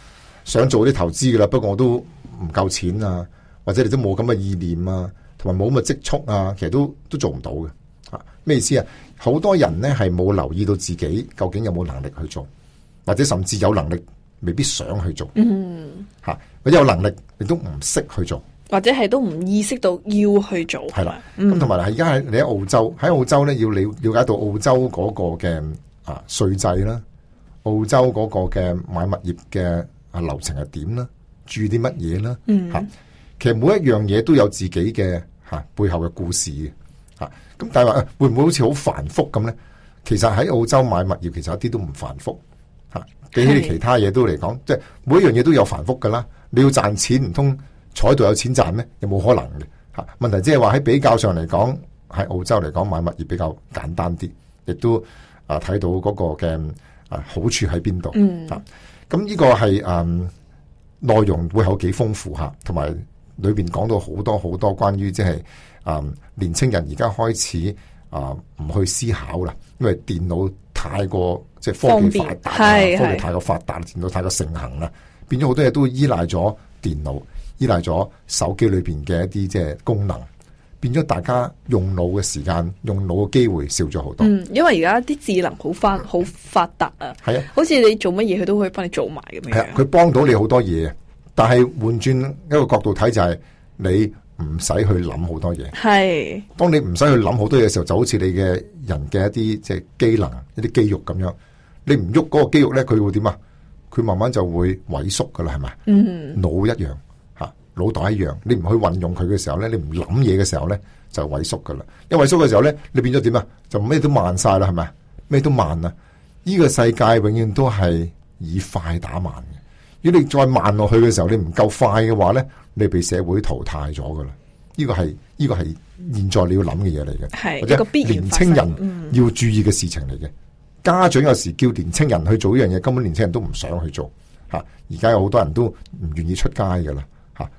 B: 想做啲投資噶啦，不過我都唔夠錢啊，或者你都冇咁嘅意念啊，同埋冇咁嘅積蓄啊，其實都都做唔到嘅。咩意思啊？好多人咧係冇留意到自己究竟有冇能力去做，或者甚至有能力，未必想去做，mm。嗯、hmm. 啊，吓，或者有能力，亦都唔識去做，
A: 或者係都唔意識到要去做的。
B: 係啦、mm，咁同埋啦，而家喺你喺澳洲，喺澳洲咧要了、了解到澳洲嗰個嘅啊稅制啦，澳洲嗰個嘅買物業嘅啊流程係點啦，注意啲乜嘢啦，吓、啊，其實每一樣嘢都有自己嘅吓、啊、背後嘅故事。但係話會唔會好似好繁複咁呢？其實喺澳洲買物業，其實一啲都唔繁複吓，比起其他嘢都嚟講，的即係每一樣嘢都有繁複噶啦。你要賺錢，唔通坐喺度有錢賺咩？有冇可能嘅吓。問題即係話喺比較上嚟講，喺澳洲嚟講買物業比較簡單啲，亦都啊睇到嗰個嘅啊好處喺邊度啊。咁呢個係嗯內容會有幾豐富吓，同埋裏邊講到好多好多關於即係。啊、嗯，年青人而家開始啊，唔、嗯、去思考啦，因為電腦太過即係科技發達，科技太過發達，電腦太過盛行啦，變咗好多嘢都依賴咗電腦，依賴咗手機裏邊嘅一啲即係功能，變咗大家用腦嘅時間、用腦嘅機會少咗好多。
A: 嗯，因為而家啲智能好翻、好、嗯、發達啊，係啊的，好似你做乜嘢佢都可以幫你做埋咁的樣。
B: 佢幫到你好多嘢，嗯、但係換轉一個角度睇就係你。唔使去諗好多嘢。
A: 係是。
B: 當你唔使去諗好多嘢嘅時候，就好似你嘅人嘅一啲即係機能一啲肌肉咁樣，你唔喐嗰個肌肉咧，佢會點啊？佢慢慢就會萎縮噶啦，係咪？嗯哼。腦一樣吓，腦袋一樣，你唔去運用佢嘅時候咧，你唔諗嘢嘅時候咧，就萎縮噶啦。一萎縮嘅時候咧，你變咗點啊？就咩都慢晒啦，係咪？咩都慢啊！呢個世界永遠都係以快打慢。如果你再慢落去嘅時候，你唔夠快嘅話咧，你被社會淘汰咗噶啦。呢個係，呢個係現在你要諗嘅嘢嚟嘅，是或者一個年青人要注意嘅事情嚟嘅。嗯、家長有時叫年青人去做呢樣嘢，根本年青人都唔想去做。吓，而家有好多人都唔願意出街噶啦。吓、啊，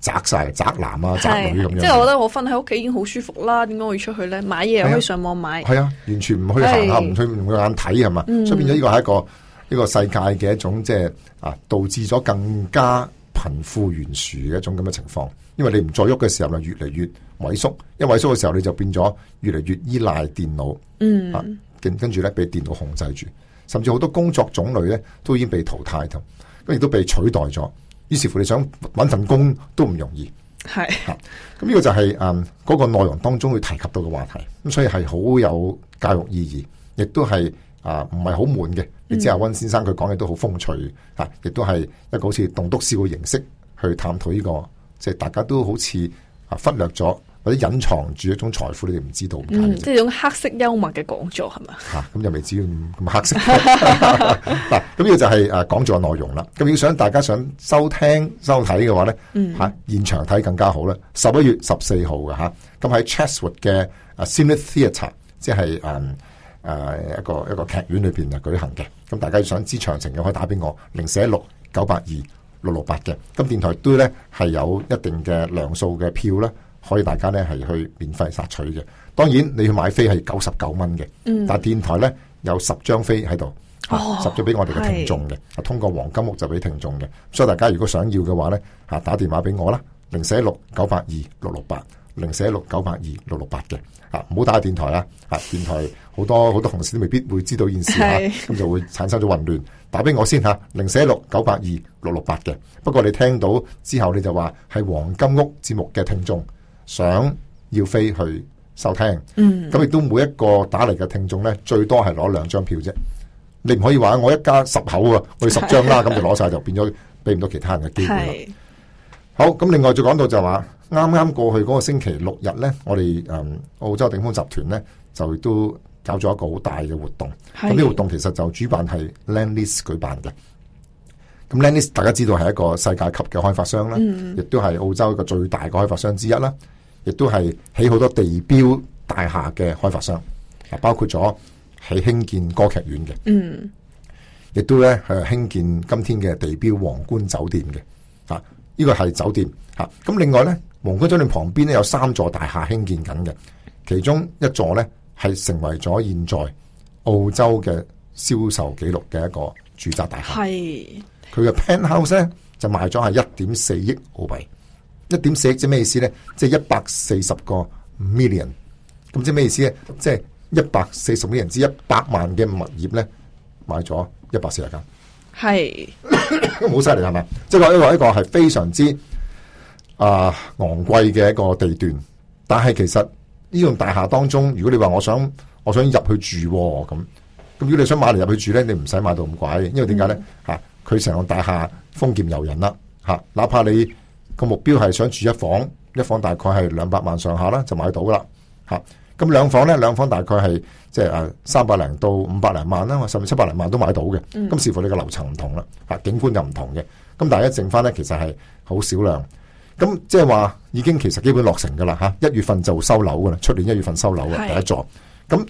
B: 宅晒宅男啊，宅是女咁樣。即係我覺得
A: 我瞓喺屋企已經好舒服啦，點解我要出去咧？買嘢我可以上網買。係啊，啊，
B: 完全唔去行下，唔是去唔去眼睇係嘛，所以變咗呢個係一個。呢個世界嘅一種即係啊，導致咗更加貧富懸殊嘅一種咁嘅情況。因為你唔再喐嘅時候，咪越嚟越萎縮。一萎縮嘅時候，你就變咗越嚟越依賴電腦。嗯，跟跟住咧，俾電腦控制住，甚至好多工作種類咧，都已經被淘汰咗，咁亦都被取代咗。於是乎，你想搵份工都唔容易。係，咁呢個就係嗯嗰個內容當中去提及到嘅話題，咁所以係好有教育意義，亦都係啊唔係好悶嘅。你知阿溫先生佢講嘢都好風趣，吓亦都係一個好似棟篤笑嘅形式去探討呢個，即係大家都好似啊忽略咗或者隱藏住一種財富你哋唔知道，嗯，
C: 即
A: 係一種黑色幽默嘅講座係咪？
B: 吓咁又未知，咁黑色。嗱咁呢個就係誒講座內容啦。咁要想大家想收聽收睇嘅話咧，吓、嗯啊、現場睇更加好啦。十一月十四號嘅吓，咁喺 Chatswood 嘅啊 Symphony Theatre，即係誒。Um, 誒一個一個劇院裏邊啊舉行嘅，咁大家想知詳情嘅可以打俾我零四一六九八二六六八嘅，咁電台都呢係有一定嘅量數嘅票啦，可以大家呢係去免費索取嘅。當然你要買飛係九十九蚊嘅，嗯、但係電台呢有十張飛喺度，
C: 十張俾
B: 我哋嘅聽眾嘅，啊是通過黃金屋就俾聽眾嘅，所以大家如果想要嘅話呢，嚇打電話俾我啦，零四一六九八二六六八。6, 零四一六九八二六六八嘅啊，唔好打下電台啦、啊，啊，電台好多好多同事都未必會知道件事是的 啊，咁就會產生咗混亂。打俾我先吓、啊，零四一六九八二六六八嘅。不過你聽到之後，你就話係黃金屋節目嘅聽眾，想要飛去收聽，咁亦、嗯、都每一個打嚟嘅聽眾呢，最多係攞兩張票啫。你唔可以話我一家十口啊，我要十張啦，咁是的 就攞晒就變咗俾唔到其他人嘅機會。是的 好咁，另外再講到就話，啱啱過去嗰個星期六日呢，我哋誒、嗯、澳洲頂峰集團呢，就都搞咗一個好大嘅活動。咁呢個是活動其實就主辦係 Landis 舉辦嘅。咁 Landis 大家知道係一個世界級嘅開發商啦，亦都係澳洲一個最大嘅開發商之一啦，亦都係起好多地標大廈嘅開發商。啊，包括咗喺興建歌劇院嘅，嗯，亦都呢係興建今天嘅地標皇冠酒店嘅。呢個係酒店吓，咁另外咧，皇冠酒店旁邊咧有三座大廈興建緊嘅，其中一座咧係成為咗現在澳洲嘅銷售紀錄嘅一個住宅大廈。係，佢嘅 Penthouse 咧就賣咗係一點四億澳幣，一點四億即咩意思咧？即係一百四十個 million，咁即咩意思咧？即係一百四十 million 之一百萬嘅物業咧，買咗一百四十間。
A: 係，
B: 好犀利係嘛，即係、就是、一個一個一個係非常之啊昂貴嘅一個地段，但係其實呢棟大廈當中，如果你話我想我想入去住、哦，咁咁如果你想買嚟入去住咧，你唔使買到咁貴，因為點解咧？吓、mm，佢、hmm. 成、啊、個大廈豐儉由人啦，吓、啊，哪怕你個目標係想住一房，一房大概係兩百萬上下啦，就買到啦，吓、啊。咁兩房咧，兩房大概係即係三百零到五百零萬啦、啊，甚至七百零萬都買到嘅。咁視乎你嘅樓層唔同啦，嗯、啊景觀又唔同嘅。咁但係一剩翻咧，其實係好少量。咁即係話已經其實基本落成噶啦吓，一月份就收樓噶啦，出年一月份收樓嘅是第一座。咁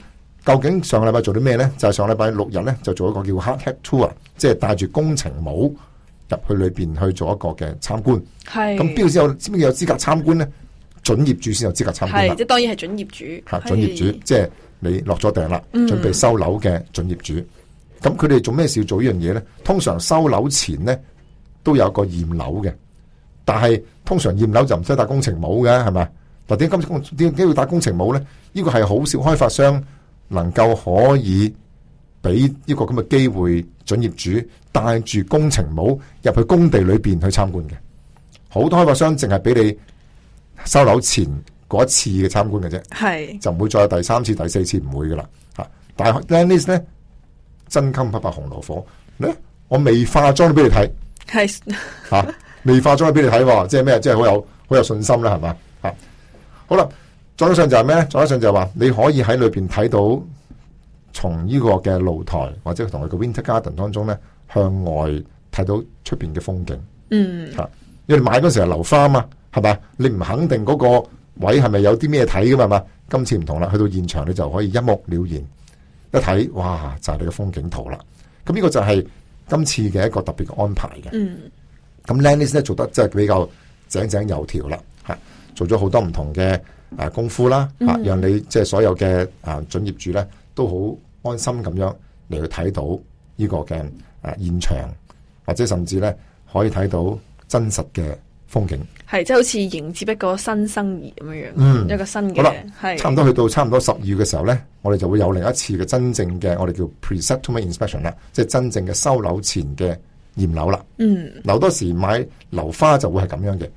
B: 究竟上個禮拜做啲咩咧？就係、是、上禮拜六日咧，就做一個叫 hard hat tour，即係帶住工程帽入去裏面去做一個嘅參觀。
A: 係咁邊先有
B: 邊有資格參觀咧？準業主先有資格參觀。
A: 當然係準業主。吓，準業主，
B: 即係你落咗訂啦，嗯、準備收樓嘅準業主。咁佢哋做咩事要做呢樣嘢咧？通常收樓前咧都有個驗樓嘅，但係通常驗樓就唔使打工程帽嘅，係咪？但點今次點解會打工程帽咧？呢個係好少開發商能夠可以俾呢個咁嘅機會準業主帶住工程帽入去工地裏邊去參觀嘅。好多開發商淨係俾你。收樓前嗰一次嘅參觀嘅啫，係就唔會再有第三次、第四次唔會噶啦。吓是的，但係呢啲咧真金不怕紅爐火咧，我未化妝都俾你睇，係吓未化妝俾你睇，即係咩？即係好有好有信心啦，係嘛？吓、啊，好啦，再加上就係咩咧？再加上就係話你可以喺裏邊睇到從呢個嘅露台或者同佢嘅 Winter Garden 當中咧向外睇到出邊嘅風景。嗯，吓、啊，因為買嗰時候係留花嘛。係嘛？你唔肯定嗰個位係咪有啲咩睇噶嘛？嘛，今次唔同啦，去到現場你就可以一目了然一看，一睇哇，就係、是、你嘅風景圖啦。咁呢個就係今次嘅一個特別嘅安排嘅。嗯，咁 Landys 咧做得真係比較井井有條啦，吓做咗好多唔同嘅啊功夫啦，吓、嗯、讓你即係、就是、所有嘅啊準業主咧都好安心咁樣嚟去睇到呢個嘅啊現場，或者甚至咧可以睇到真實嘅。風景
A: 係即係好似迎接一個新生兒咁樣樣，嗯、一個新嘅係吧是差唔多去
B: 到差唔多十二月嘅時候咧，我哋就會有另一次嘅真正嘅我哋叫 pre-settlement inspection 啦，即、就、係、是、真正嘅收樓前嘅驗樓啦。嗯，嗱，多時買樓花就會係咁樣嘅，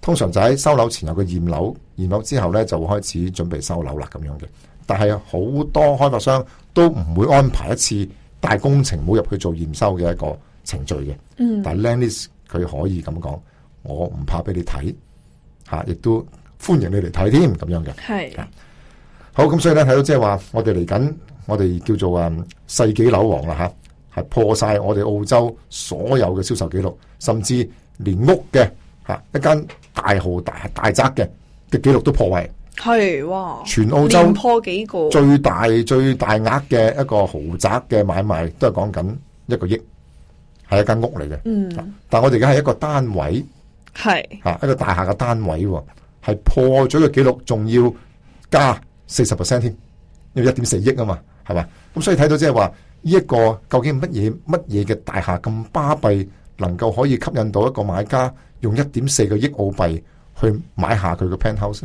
B: 通常就喺收樓前有個驗樓，驗樓之後咧就會開始準備收樓啦咁樣嘅。但係好多開發商都唔會安排一次大工程冇入去做驗收嘅一個程序嘅。嗯，但係 Lendlease 佢可以咁講。我唔怕俾你睇，吓亦都歡迎你嚟睇添，咁樣嘅。
A: 係是，
B: 好，咁所以咧睇到即係話，就是、我哋嚟緊，我哋叫做誒世紀樓王啦吓，係、啊、破晒我哋澳洲所有嘅銷售記錄，甚至連屋嘅吓、啊、一間大豪大大宅嘅嘅記錄都破壞。
A: 係哇，
B: 全澳洲破
A: 幾個最
B: 大最大額嘅一個豪宅嘅買賣，都係講緊一個億，係一間屋嚟嘅。嗯，但我哋而家係一個單位。係吓是一個大廈嘅單位，係破咗個紀錄，仲要加四十 percent 添，要一點四億啊嘛，係嘛，咁所以睇到即係話呢一個究竟，乜嘢乜嘢嘅大廈咁巴閉，能夠可以吸引到一個買家用一點四個億澳幣去買下佢嘅 penthouse？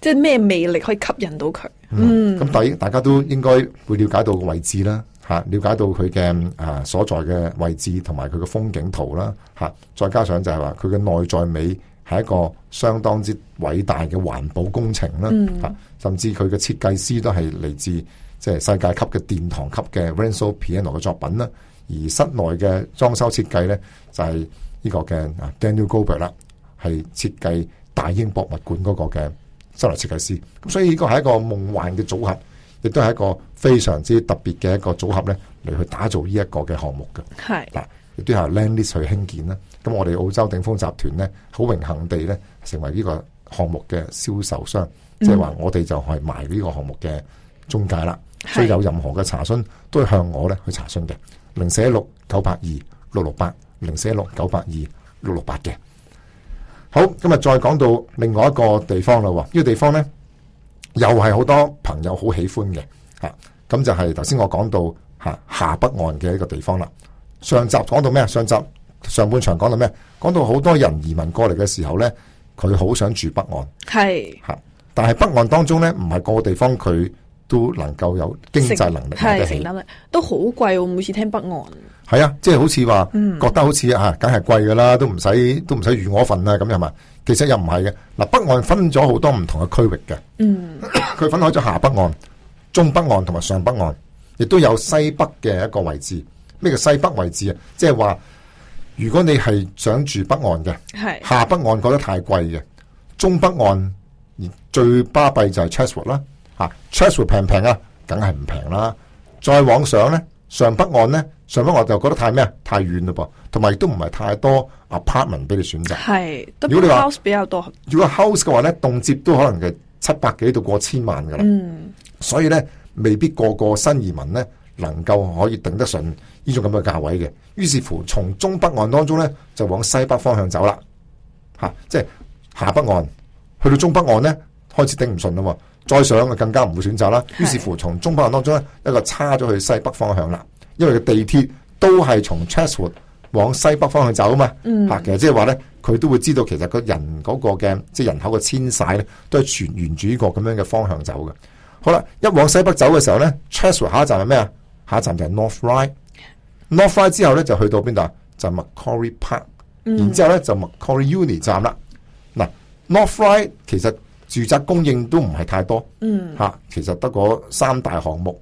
A: 即係咩魅力可以吸引到佢？嗯，
B: 咁大大家都應該會了解到個位置啦。嚇，瞭解到佢嘅啊所在嘅位置同埋佢嘅風景圖啦，嚇，再加上就係話，佢嘅內在美係一個相當之偉大嘅環保工程啦，嚇，甚至佢嘅設計師都係嚟自即係世界級嘅殿堂級嘅 Renzo Piano 嘅作品啦，而室內嘅裝修設計咧就係呢個嘅 Daniel Gobert 啦，係設計大英博物館嗰個嘅室內設計師，所以呢個係一個夢幻嘅組合。亦都係一個非常之特別嘅一個組合咧，嚟去打造呢一個嘅項目嘅。係嗱是，亦都係 landed 去興建啦。咁我哋澳洲鼎豐集團咧，好榮幸地咧，成為呢個項目嘅銷售商，即係話我哋就係賣呢個項目嘅中介啦。是所以有任何嘅查詢，都係向我咧去查詢嘅。零四一六九八二六六八，零四一六九八二六六八嘅。好，今日再講到另外一個地方啦。呢、這個地方呢又係好多朋友好喜歡嘅，吓、啊、咁就係頭先我講到吓、啊、下北岸嘅一個地方啦。上集講到咩啊？上集上半場講到咩？講到好多人移民過嚟嘅時候呢，佢好想住北岸，係吓是、啊。但係北岸當中呢，唔係個個地方佢都能夠有經濟能力，係承
A: 擔都好貴、哦。我每次聽北岸，
B: 係啊，即、就、係、是、好似話，嗯、覺得好似啊，梗係貴噶啦，都唔使都唔使預我份啦，咁樣嘛。其實又唔係嘅，嗱，北岸分咗好多唔同嘅區域嘅，嗯，佢分開咗下北岸、中北岸同埋上北岸，亦都有西北嘅一個位置。咩叫西北位置啊？即係話，如果你係想住北岸嘅，係是下北岸覺得太貴嘅，中北岸而最巴閉就係 Chatswood 啦，吓，Chatswood 平唔平啊？梗係唔平啦，再往上咧。上北岸咧，上北岸就覺得太咩啊，太遠嘞噃，同埋亦都唔係太多 apartment 俾你選擇。
A: 係，如果你話 house 比較多，
B: 如果 house 嘅話咧，動輒都可能係七百幾度過千萬噶啦。嗯，所以咧，未必個個新移民咧能夠可以頂得順呢種咁嘅價位嘅。於是乎，從中北岸當中咧，就往西北方向走啦。吓、啊，即係下北岸去到中北岸咧，開始頂唔順啊嘛。再上就更加唔會選擇啦。於是乎，從中北行當中咧，一個差咗去西北方向啦。因為個地鐵都係從 Chatswood 往西北方向走啊嘛。吓，其實即係話咧，佢都會知道其實個人嗰個嘅即係人口嘅遷徙咧，都係全沿住呢個咁樣嘅方向走嘅。好啦，一往西北走嘅時候咧，Chatswood 下一站係咩啊？下一站就是 North Ryde。North Ryde 之後咧就去到邊度啊？就 Macquarie Park。嗯、然之後咧就 Macquarie Uni 站啦。嗱，North Ryde 其實。住宅供應都唔係太多，吓、嗯啊，其實得嗰三大項目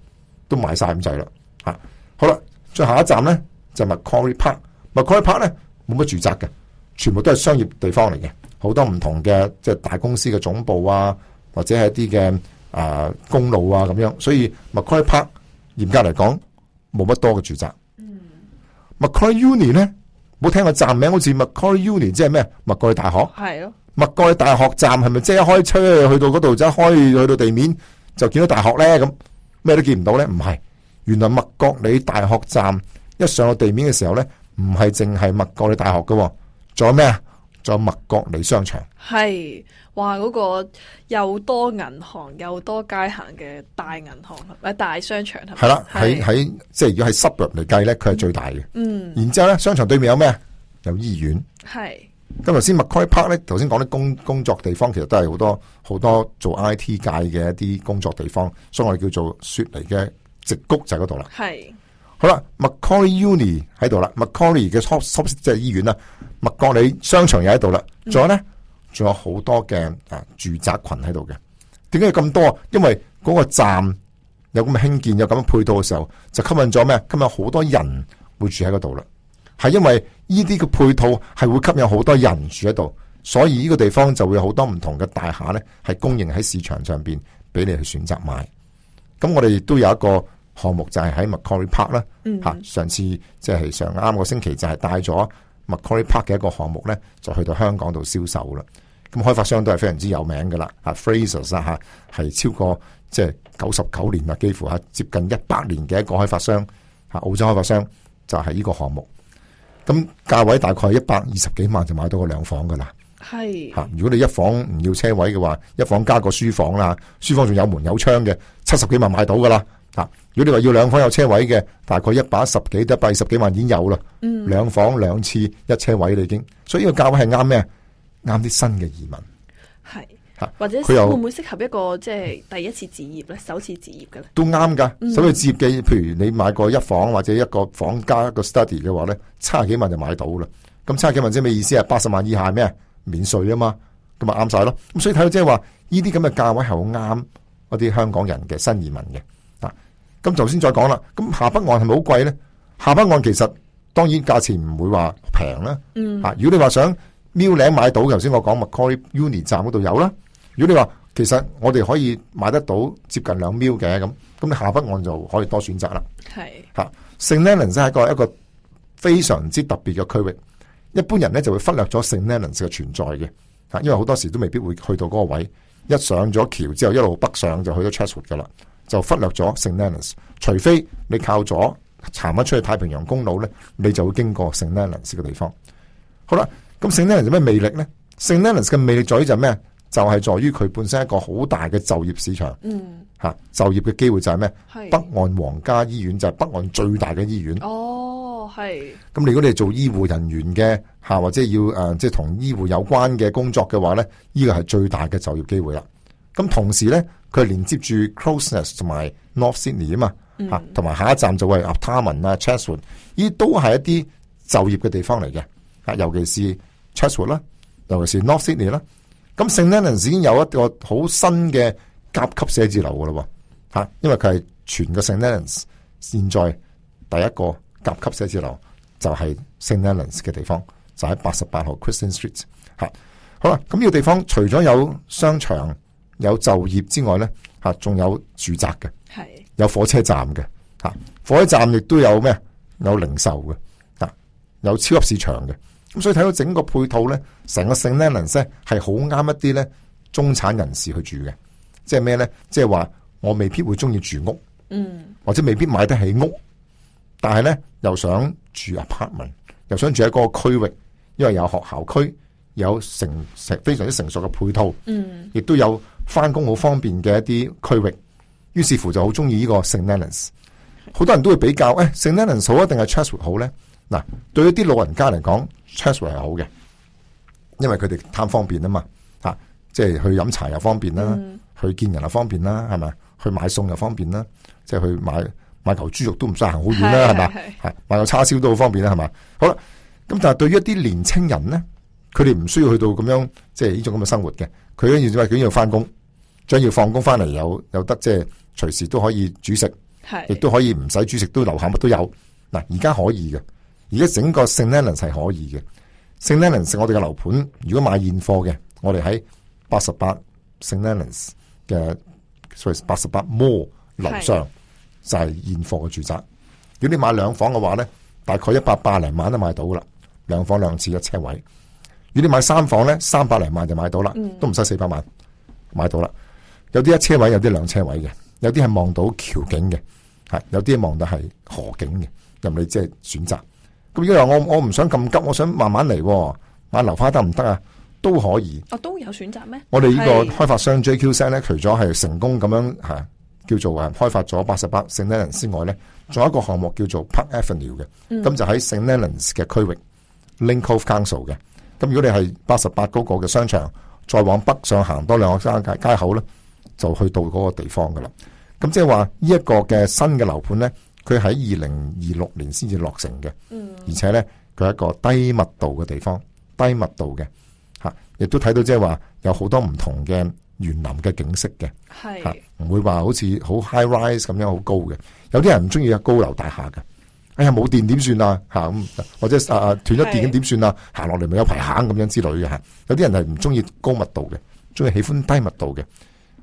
B: 都賣晒咁滯啦，吓、啊，好啦，最下一站咧就 Macquarie Park，Macquarie Park 咧冇乜住宅嘅，全部都係商業地方嚟嘅，好多唔同嘅即係大公司嘅總部啊，或者係一啲嘅、呃、公路啊咁樣，所以 Macquarie Park 嚴格嚟講冇乜多嘅住宅，嗯，Macquarie Uni 咧。冇聽過站名，好似 Macquarie Uni，即係咩？麥國利大學係咯，的麥國利大學站係咪即係一開車去到嗰度，就開去到地面就見到大學咧？咁咩都見唔到咧？唔係，原來麥國利大學站一上到地面嘅時候咧，唔係淨係麥國利大學噶，仲有咩啊？仲有麥國里商場，
A: 係，哇！嗰、嗰個又多銀行又多街行嘅大銀行，唔係大商場，係啦，喺喺
B: 的的即係如果係 suburb 嚟計咧，佢係最大嘅。嗯，然之後咧，商場對面有咩啊？有醫院。
A: 係是，
B: 咁頭先麥開 Park 咧，頭先講啲工工作地方，其實都係好多好多做 I T 界嘅一啲工作地方，所以我哋叫做雪梨嘅直谷就喺度啦。係。好啦，Macquarie Uni 喺度啦，Macquarie 嘅 hospital，即係醫院啦，Macquarie 商場又喺度啦，仲有咧，仲有好多嘅啊住宅群喺度嘅。點解咁多？因為嗰個站有咁嘅興建，有咁嘅配套嘅時候，就吸引咗咩？今日好多人會住喺嗰度啦。係因為呢啲嘅配套係會吸引好多人住喺度，所以呢個地方就會有好多唔同嘅大廈咧，係供應喺市場上邊俾你去選擇買。咁我哋亦都有一個。項目就係喺 Macquarie Park 啦、嗯哼，吓上次即係上啱個星期就係帶咗 Macquarie Park 嘅一個項目咧，就去到香港度銷售啦。咁開發商都係非常之有名噶啦，吓 Phrases、啊吓係超過即係九十九年啦，幾乎吓接近一百年嘅一個開發商，吓澳洲開發商就係呢個項目。咁價位大概一百二十幾萬就買到個兩房噶啦，
A: 係吓
B: 是如果你一房唔要車位嘅話，一房加個書房啦，書房仲有門有窗嘅，七十幾萬買到噶啦。如果你話要兩房有車位嘅，大概一百十幾到百二十幾萬已經有啦。兩、嗯、房兩次一車位咧已經，所以呢個價位係啱咩？啱啲新嘅移民係吓，是又或者佢會唔
A: 會適合一個即係、就是、第一次置業咧？首次置業嘅咧
B: 都啱噶。首次置業嘅，嗯、譬如你買個一房或者一個房加一個 study 嘅話咧，七十幾萬就買到啦。咁七十幾萬即係咩意思啊？八十萬以下咩免稅啊嘛，咁咪啱晒咯。咁所以睇到即係話呢啲咁嘅價位係好啱一啲香港人嘅新移民嘅。咁頭先再講啦，咁下北岸係咪好貴咧？下北岸其實當然價錢唔會話平啦。嗯，如果你話想 mil 嶺買到，頭先我講 Macaulay Uni 站嗰度有啦。如果你話其實我哋可以買得到接近兩 mil 嘅咁，咁你下北岸就可以多選擇啦。係是，吓 St Leonards 係一個一個非常之特別嘅區域，一般人咧就會忽略咗 St Leonards 嘅存在嘅。吓，因為好多時都未必會去到嗰個位，一上咗橋之後一路北上就去咗 Chatswood 噶啦。就忽略咗 St Leonards，is, 除非你靠咗查乜出去太平洋公路咧，你就會經過 St Leonards 嘅地方。好啦，咁 St Leonards 咩魅力咧？St Leonards 嘅魅力在於就咩？就係、是、在於佢本身一個好大嘅就業市場。嗯，吓、啊、就業嘅機會就係咩？是北岸皇家醫院就係北岸最大嘅醫院。
C: 哦，係。
B: 咁如果你係做醫護人員嘅吓、啊，或者要誒即係同醫護有關嘅工作嘅話咧，呢、這個係最大嘅就業機會啦。咁同時咧。佢連接住 Crows Nest 同埋 North Sydney 啊嘛，同埋、嗯、下一站就係 Artarmon 啊 Chatswood 呢都係一啲就業嘅地方嚟嘅，尤其是 Chatswood 啦，尤其是 North Sydney 啦。咁 St Leonards 已經有一個好新嘅甲級寫字樓嘅咯喎，因為佢係全個 St Leonards 現在第一個甲級寫字樓，就係 St Leonards 嘅地方，就喺八十八號 Christian Street 嚇。好啦，咁呢個地方除咗有商場。有就業之外咧，吓，仲有住宅嘅，
C: 係是
B: 有火車站嘅，吓，火車站亦都有咩？有零售嘅，啊有超級市場嘅，咁所以睇到整個配套咧，成個 St Leonards 咧係好啱一啲咧中產人士去住嘅，即係咩咧？即係話我未必會中意住屋，嗯，或者未必買得起屋，但係咧又想住 apartment，又想住喺個區域，因為有學校區，有成非常之成熟嘅配套，嗯，亦都有。翻工好方便嘅一啲區域，於是乎就好中意呢個 St Leonards。好多人都會比較誒，St Leonards 好定係 Chatswood 好咧？嗱、啊，對一啲老人家嚟講 Chatswood 係好嘅，因為佢哋貪方便啊嘛，吓、啊，即係去飲茶又方便啦，嗯、去見人又方便啦，係咪？去買餸又方便啦，即係去買買嚿豬肉都唔使行好遠啦，係嘛？吓，買嚿叉燒都好方便啦，係嘛？好啦，咁但係對於一啲年青人咧，佢哋唔需要去到咁樣，即係呢種咁嘅生活嘅，佢喺元朗區要翻工。想要放工翻嚟有有得，即係隨時都可以煮食，係亦是都可以唔使煮食，都樓下乜都有。嗱，而家可以嘅，而家整個 St Leonards 係可以嘅。St Leonards 是我哋嘅樓盤，如果買現貨嘅，我哋喺八十八 St Leonards 嘅所謂八十八 more 樓上、mm hmm. 就係現貨嘅住宅。如果你買兩房嘅話咧，大概一百八零萬都買到噶啦，兩房兩次嘅車位。如果你買三房咧，三百零萬就買到啦，都唔使四百萬買到啦。Mm hmm. 有啲一車位，有啲兩車位嘅，有啲係望到橋景嘅，有啲望到係河景嘅，任你即係選擇。咁因為我我唔想咁急，我想慢慢嚟買樓花得唔得啊？都可以。
A: 哦，都有選擇咩？我哋呢個開發
B: 商 JQ 商咧，除咗係成功咁樣吓叫做啊開發咗八十八聖 n 恩之外咧，仲有一個項目叫做 Park Avenue 嘅。咁、嗯、就喺聖奈恩嘅區域 Link of Council 嘅。咁如果你係八十八嗰個嘅商場，再往北上行多兩個街街口咧，就去到嗰個地方㗎啦，咁即係話呢一個嘅新嘅樓盤咧，佢喺二零二六年先至落成嘅，嗯，而且咧佢係一個低密度嘅地方，低密度嘅吓，亦、啊、都睇到即係話有好多唔同嘅園林嘅景色嘅，係吓是、啊，唔會話好似好 high rise 咁樣好高嘅，有啲人唔中意啊高樓大廈嘅，哎呀冇電點算啊吓咁、啊，或者啊斷咗電點算啊，行落嚟咪有排行咁樣之類嘅吓、啊，有啲人係唔中意高密度嘅，中意、嗯、喜歡低密度嘅。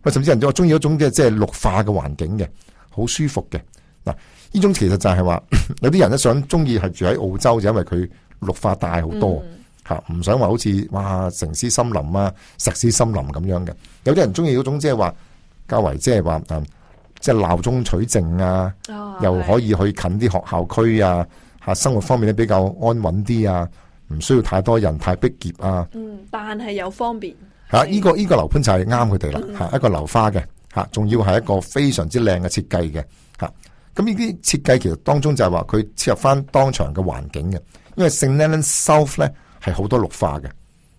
B: 甚至人哋話中意一種嘅，即係綠化嘅環境嘅，好舒服嘅。嗱，呢種其實就係話有啲人咧想中意係住喺澳洲，就因為佢綠化大多、嗯、好多吓，唔想話好似哇城市森林啊、石屎森林咁樣嘅。有啲人中意嗰種即係話較為即係話誒，即係鬧中取靜啊，哦、又可以去近啲學校區啊，吓生活方面咧比較安穩啲啊，唔需要太多人太逼仄啊。嗯，
A: 但係又方便。
B: 吓，呢、這個呢、這個樓盤就係啱佢哋啦，吓、嗯、一個樓花嘅吓，仲要係一個非常之靚嘅設計嘅吓。咁呢啲設計其實當中就係話佢切入翻當場嘅環境嘅，因為 St Leonards South 咧，係好多綠化嘅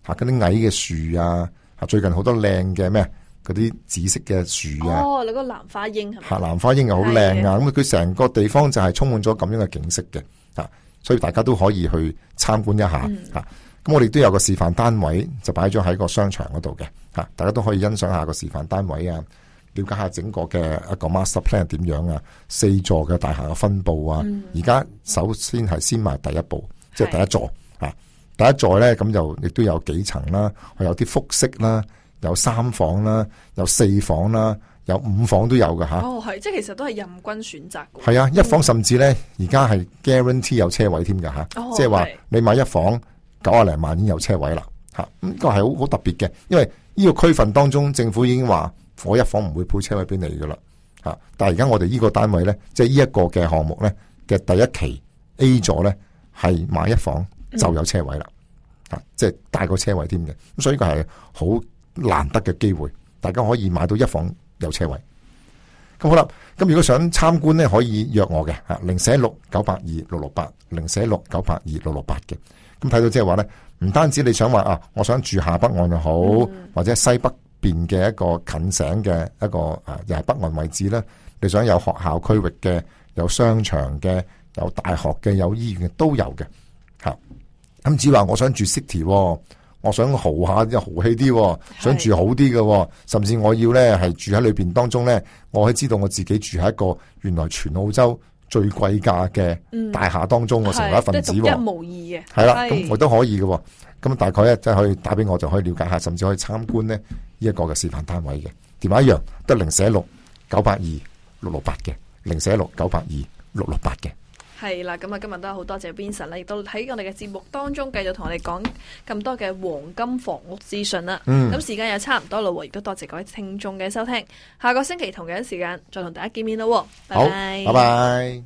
B: 吓，嗰啲矮嘅樹啊，吓，最近好多靚嘅咩嗰啲紫色嘅樹啊。哦，你個藍
A: 花楹係
B: 咪？吓，藍花楹又好靚啊，咁佢成個地方就係充滿咗咁樣嘅景色嘅吓，所以大家都可以去參觀一下吓。嗯咁我哋都有個示範單位，就擺咗喺個商場嗰度嘅吓，大家都可以欣賞下個示範單位啊，了解下整個嘅一個 master plan 點樣啊，四座嘅大廈嘅分佈啊，而家、嗯、首先係先買第一步，嗯、即係第一座是、啊、第一座咧，咁又亦都有幾層啦，係有啲複式啦，有三房啦，有四房啦，有五房都有㗎。吓、
A: 啊。哦，係，即係其實都係任君選擇。係啊，嗯、一房甚
B: 至咧，而家係 guarantee 有車位添㗎。吓、啊，哦、即係話你買一房。九啊零萬已經有車位啦，吓，咁呢個係好好特別嘅，因為呢個區份當中政府已經話我一房唔會配車位俾你噶啦吓，但係而家我哋呢個單位呢，即係呢一個嘅項目呢，嘅第一期 A 座呢，係買一房就有車位啦，吓、嗯、即係大個車位添嘅，咁所以呢個係好難得嘅機會，大家可以買到一房有車位。咁好啦，咁如果想參觀呢，可以約我嘅吓，零四六九八二六六八零四六九八二六六八嘅。咁睇到即係話呢，唔單止你想話啊，我想住下北岸又好，嗯、或者西北邊嘅一個近省嘅一個誒、啊，又係北岸位置呢，你想有學校區域嘅、有商場嘅、有大學嘅、有醫院嘅都有嘅，吓。咁、嗯、只話我想住 city，我想豪下、豪氣啲，想住好啲嘅，是 甚至我要呢係住喺裏邊當中呢，我可以知道我自己住喺一個原來全澳洲。最貴價嘅大廈當中，我、嗯、成為一份子
C: 喎，係啦，咁、就是、我都可
B: 以嘅咁大概咧，即係可以打俾我，就可以了解一下，甚至可以參觀呢依一個嘅示範單位嘅電話一樣，得零四一六九八二六六八嘅零四一六九八二六六八嘅。
A: 係啦，咁啊，今日都好多謝 Vincent 啦，亦都喺我哋嘅節目當中繼續同我哋講咁多嘅黃金房屋資訊啦。咁、嗯、時間又差唔多啦，亦都多謝各位聽眾嘅收聽。下個星期同樣時間再同大家見面咯，拜
B: 拜。